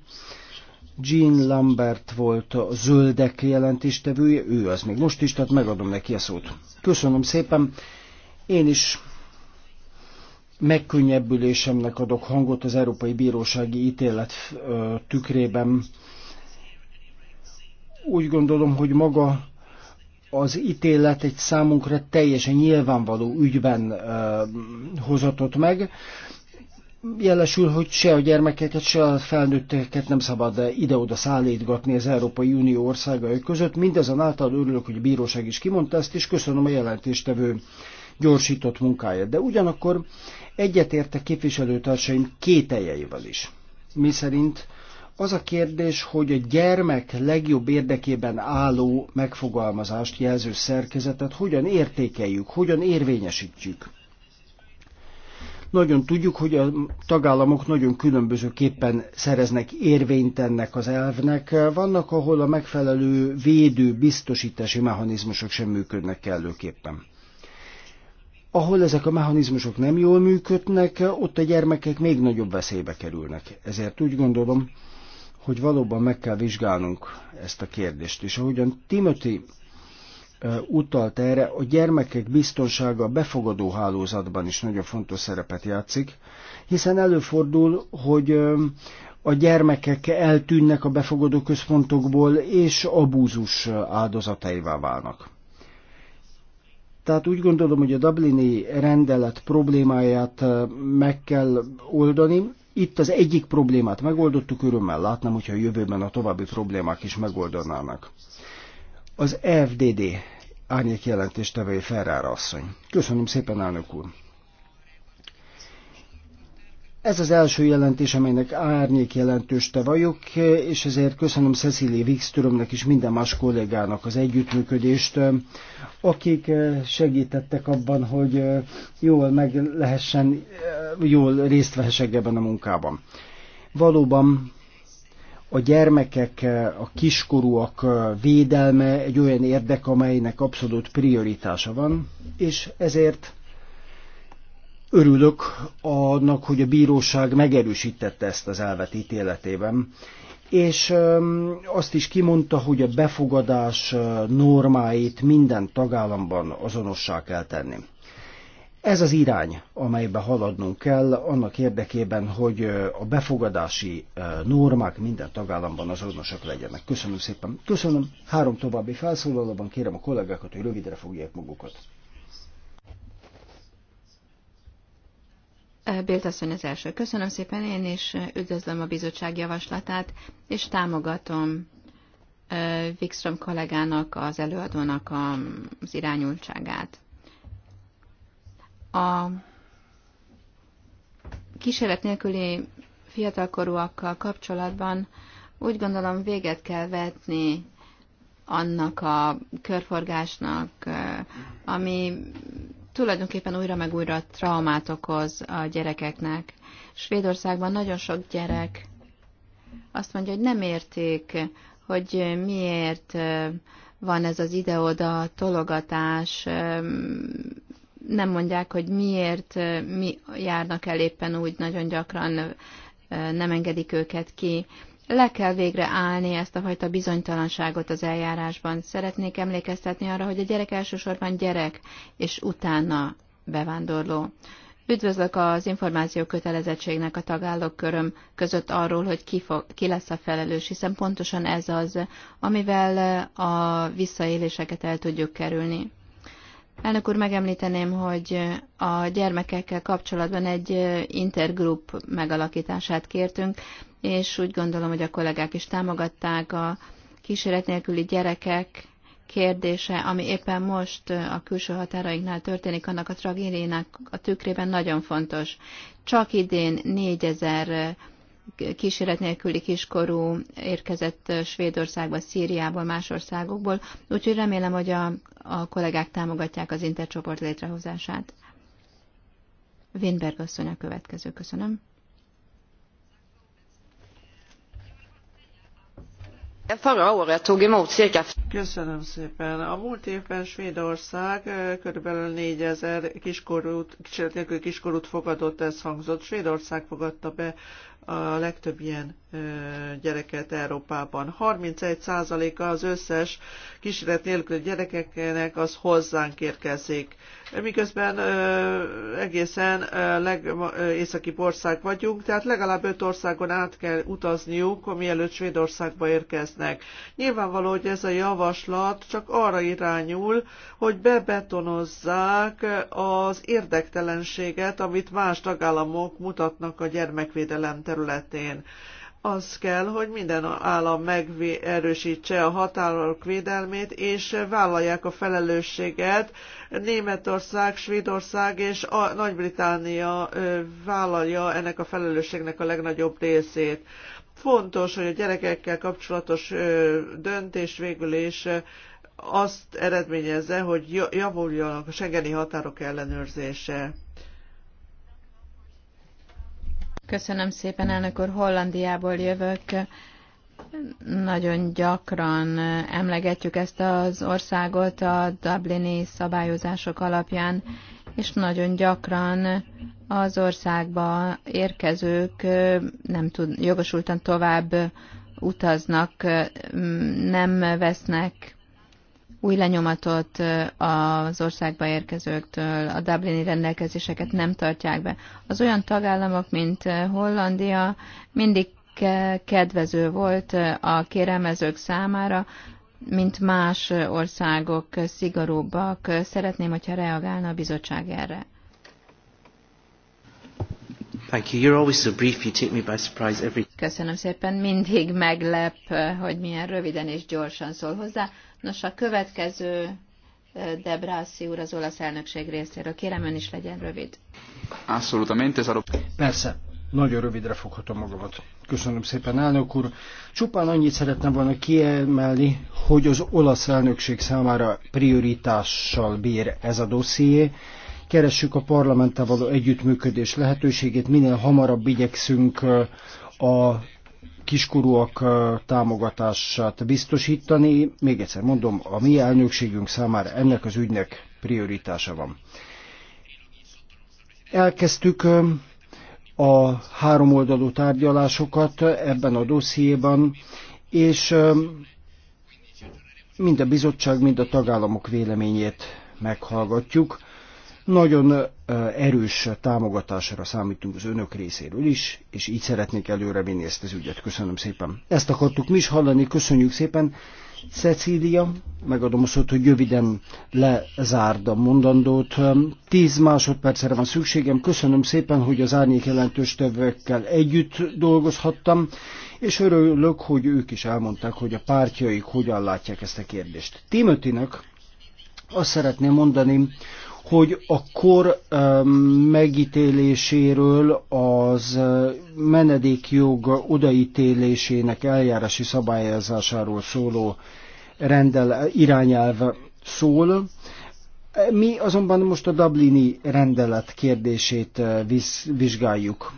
Jean Lambert volt a zöldek jelentéstevője, ő az még most is, tehát megadom neki a szót. Köszönöm szépen, én is megkönnyebbülésemnek adok hangot az Európai Bírósági ítélet tükrében, úgy gondolom, hogy maga az ítélet egy számunkra teljesen nyilvánvaló ügyben ö, hozatott meg. Jelesül, hogy se a gyermekeket, se a felnőtteket nem szabad ide-oda szállítgatni az Európai Unió országai között. által örülök, hogy a bíróság is kimondta ezt, és köszönöm a jelentéstevő gyorsított munkáját. De ugyanakkor egyetértek képviselőtársaim kételjeivel is. Mi szerint az a kérdés, hogy a gyermek legjobb érdekében álló megfogalmazást, jelző szerkezetet hogyan értékeljük, hogyan érvényesítjük. Nagyon tudjuk, hogy a tagállamok nagyon különbözőképpen szereznek érvényt ennek az elvnek. Vannak, ahol a megfelelő védő biztosítási mechanizmusok sem működnek kellőképpen. Ahol ezek a mechanizmusok nem jól működnek, ott a gyermekek még nagyobb veszélybe kerülnek. Ezért úgy gondolom, hogy valóban meg kell vizsgálnunk ezt a kérdést. És ahogyan Timothy utalt erre, a gyermekek biztonsága a befogadó hálózatban is nagyon fontos szerepet játszik, hiszen előfordul, hogy a gyermekek eltűnnek a befogadó központokból, és abúzus áldozataivá válnak. Tehát úgy gondolom, hogy a Dublini rendelet problémáját meg kell oldani, itt az egyik problémát megoldottuk, örömmel látnám, hogyha a jövőben a további problémák is megoldanának. Az FDD árnyék jelentéstevői Ferrara asszony. Köszönöm szépen, elnök úr! Ez az első jelentés, amelynek árnyék jelentőste vagyok, és ezért köszönöm Cecilia Wikströmnek és minden más kollégának az együttműködést, akik eh, segítettek abban, hogy eh, jól meg lehessen, eh, jól részt vehessek ebben a munkában. Valóban a gyermekek, a kiskorúak védelme egy olyan érdek, amelynek abszolút prioritása van, és ezért Örülök annak, hogy a bíróság megerősítette ezt az elvet ítéletében, és azt is kimondta, hogy a befogadás normáit minden tagállamban azonossá kell tenni. Ez az irány, amelybe haladnunk kell, annak érdekében, hogy a befogadási normák minden tagállamban azonosak legyenek. Köszönöm szépen. Köszönöm. Három további felszólalóban kérem a kollégákat, hogy rövidre fogják magukat. Bélt asszony az első. Köszönöm szépen, én is üdvözlöm a bizottság javaslatát, és támogatom Wikström kollégának, az előadónak az irányultságát. A kísérlet nélküli fiatalkorúakkal kapcsolatban úgy gondolom véget kell vetni annak a körforgásnak, ami tulajdonképpen újra meg újra traumát okoz a gyerekeknek. Svédországban nagyon sok gyerek azt mondja, hogy nem érték, hogy miért van ez az ide-oda tologatás, nem mondják, hogy miért mi járnak el éppen úgy, nagyon gyakran nem engedik őket ki le kell végre állni ezt a fajta bizonytalanságot az eljárásban. Szeretnék emlékeztetni arra, hogy a gyerek elsősorban gyerek, és utána bevándorló. Üdvözlök az információ kötelezettségnek a tagállók köröm között arról, hogy ki, fog, ki lesz a felelős, hiszen pontosan ez az, amivel a visszaéléseket el tudjuk kerülni. Elnök úr, megemlíteném, hogy a gyermekekkel kapcsolatban egy intergrup megalakítását kértünk, és úgy gondolom, hogy a kollégák is támogatták a kísérlet nélküli gyerekek kérdése, ami éppen most a külső határainknál történik, annak a tragédiának a tükrében nagyon fontos. Csak idén négyezer kísérlet nélküli kiskorú érkezett Svédországba, Szíriából, más országokból, úgyhogy remélem, hogy a, a kollégák támogatják az intercsoport létrehozását. Winberg asszony a következő, köszönöm. Köszönöm szépen. A múlt évben Svédország körülbelül 4000 kiskorút, kiskorút fogadott, ez hangzott. Svédország fogadta be a legtöbb ilyen gyereket Európában. 31%-a az összes kísérlet nélkül gyerekeknek az hozzánk érkezik. Miközben egészen legészakibb ország vagyunk, tehát legalább öt országon át kell utazniuk, mielőtt Svédországba érkeznek. Nyilvánvaló, hogy ez a javaslat csak arra irányul, hogy bebetonozzák az érdektelenséget, amit más tagállamok mutatnak a gyermekvédelem területén. Az kell, hogy minden állam megerősítse a határok védelmét, és vállalják a felelősséget. Németország, Svédország és a Nagy-Britannia vállalja ennek a felelősségnek a legnagyobb részét fontos, hogy a gyerekekkel kapcsolatos döntés végül is azt eredményezze, hogy javuljanak a Schengeni határok ellenőrzése. Köszönöm szépen, elnök úr. Hollandiából jövök. Nagyon gyakran emlegetjük ezt az országot a Dublini szabályozások alapján, és nagyon gyakran az országba érkezők nem tud, jogosultan tovább utaznak, nem vesznek új lenyomatot az országba érkezőktől, a Dublini rendelkezéseket nem tartják be. Az olyan tagállamok, mint Hollandia mindig kedvező volt a kérelmezők számára, mint más országok szigorúbbak. Szeretném, hogyha reagálna a bizottság erre. Thank you. You're always so brief. You take me by surprise every... Köszönöm szépen. Mindig meglep, hogy milyen röviden és gyorsan szól hozzá. Nos, a következő eh, de úr az olasz elnökség részéről. Kérem, ön is legyen rövid. Abszolutamente, Zaró. Persze, nagyon rövidre foghatom magamat. Köszönöm szépen, elnök úr. Csupán annyit szeretném volna kiemelni, hogy az olasz elnökség számára prioritással bír ez a dosszié, keressük a parlamenttel való együttműködés lehetőségét, minél hamarabb igyekszünk a kiskorúak támogatását biztosítani. Még egyszer mondom, a mi elnökségünk számára ennek az ügynek prioritása van. Elkezdtük a háromoldalú tárgyalásokat ebben a dossziéban, és mind a bizottság, mind a tagállamok véleményét meghallgatjuk. Nagyon erős támogatásra számítunk az önök részéről is, és így szeretnék előre vinni ezt az ügyet. Köszönöm szépen. Ezt akartuk mi is hallani, köszönjük szépen. Cecília, megadom a szót, hogy röviden lezárd a mondandót. Tíz másodpercre van szükségem. Köszönöm szépen, hogy az árnyék jelentős tevőkkel együtt dolgozhattam, és örülök, hogy ők is elmondták, hogy a pártjaik hogyan látják ezt a kérdést. Timothynek azt szeretném mondani, hogy a kor megítéléséről az menedékjog odaítélésének eljárási szabályozásáról szóló rendel, irányelv szól. Mi azonban most a Dublini rendelet kérdését eh, vizsgáljuk.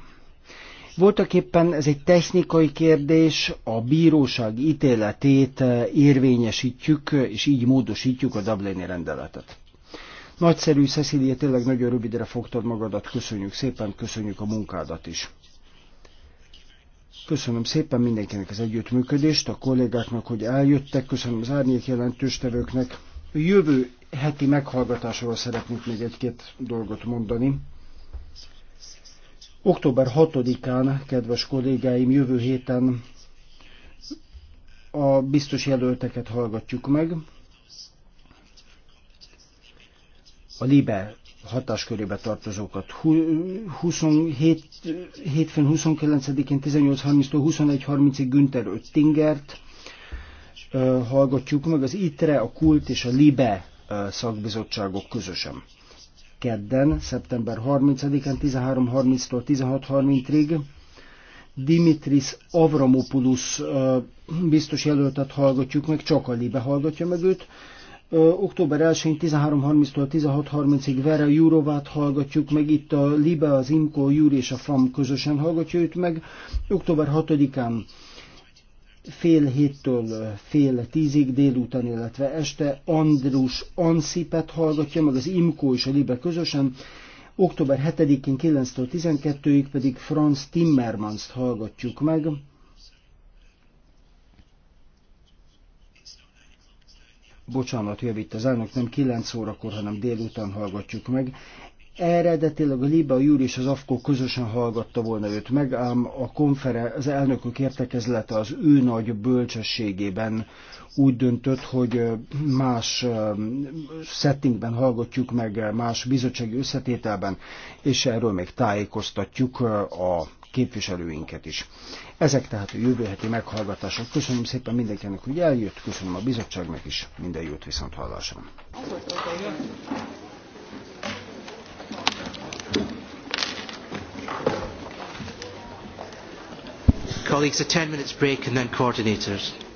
Voltak éppen ez egy technikai kérdés, a bíróság ítéletét eh, érvényesítjük, és így módosítjuk a Dublini rendeletet. Nagyszerű, Cecilia, tényleg nagyon rövidre fogtad magadat. Köszönjük szépen, köszönjük a munkádat is. Köszönöm szépen mindenkinek az együttműködést, a kollégáknak, hogy eljöttek, köszönöm az árnyék jelentőstevőknek. A jövő heti meghallgatásról szeretnék még egy-két dolgot mondani. Október 6-án, kedves kollégáim, jövő héten a biztos jelölteket hallgatjuk meg, a Libe hatáskörébe tartozókat. 27, hétfőn 29-én 1830 21.30-ig Günther Öttingert hallgatjuk meg az ITRE, a KULT és a LIBE szakbizottságok közösen. Kedden, szeptember 30-án 13.30-tól 16.30-ig Dimitris Avramopoulos biztos jelöltet hallgatjuk meg, csak a Libe hallgatja meg őt, október 1-én 13.30-tól 16.30-ig Vera Jurovát hallgatjuk meg, itt a Libe, az Imko, Júri és a FAM közösen hallgatja őt meg. Október 6-án fél héttől fél tízig délután, illetve este Andrus Ansipet hallgatja meg az Imko és a Libe közösen. Október 7-én 9-től 12-ig pedig Franz Timmermans-t hallgatjuk meg bocsánat, javít az elnök, nem 9 órakor, hanem délután hallgatjuk meg. Eredetileg a Liba Júr és az AFKO közösen hallgatta volna őt meg, ám a konferen- az elnökök értekezlete az ő nagy bölcsességében úgy döntött, hogy más settingben hallgatjuk meg, más bizottsági összetételben, és erről még tájékoztatjuk a képviselőinket is. Ezek tehát a jövő heti meghallgatások. Köszönöm szépen mindenkinek, hogy eljött, köszönöm a bizottságnak is, minden jót viszont hallásom. Colleagues, a 10 minutes break and then coordinators.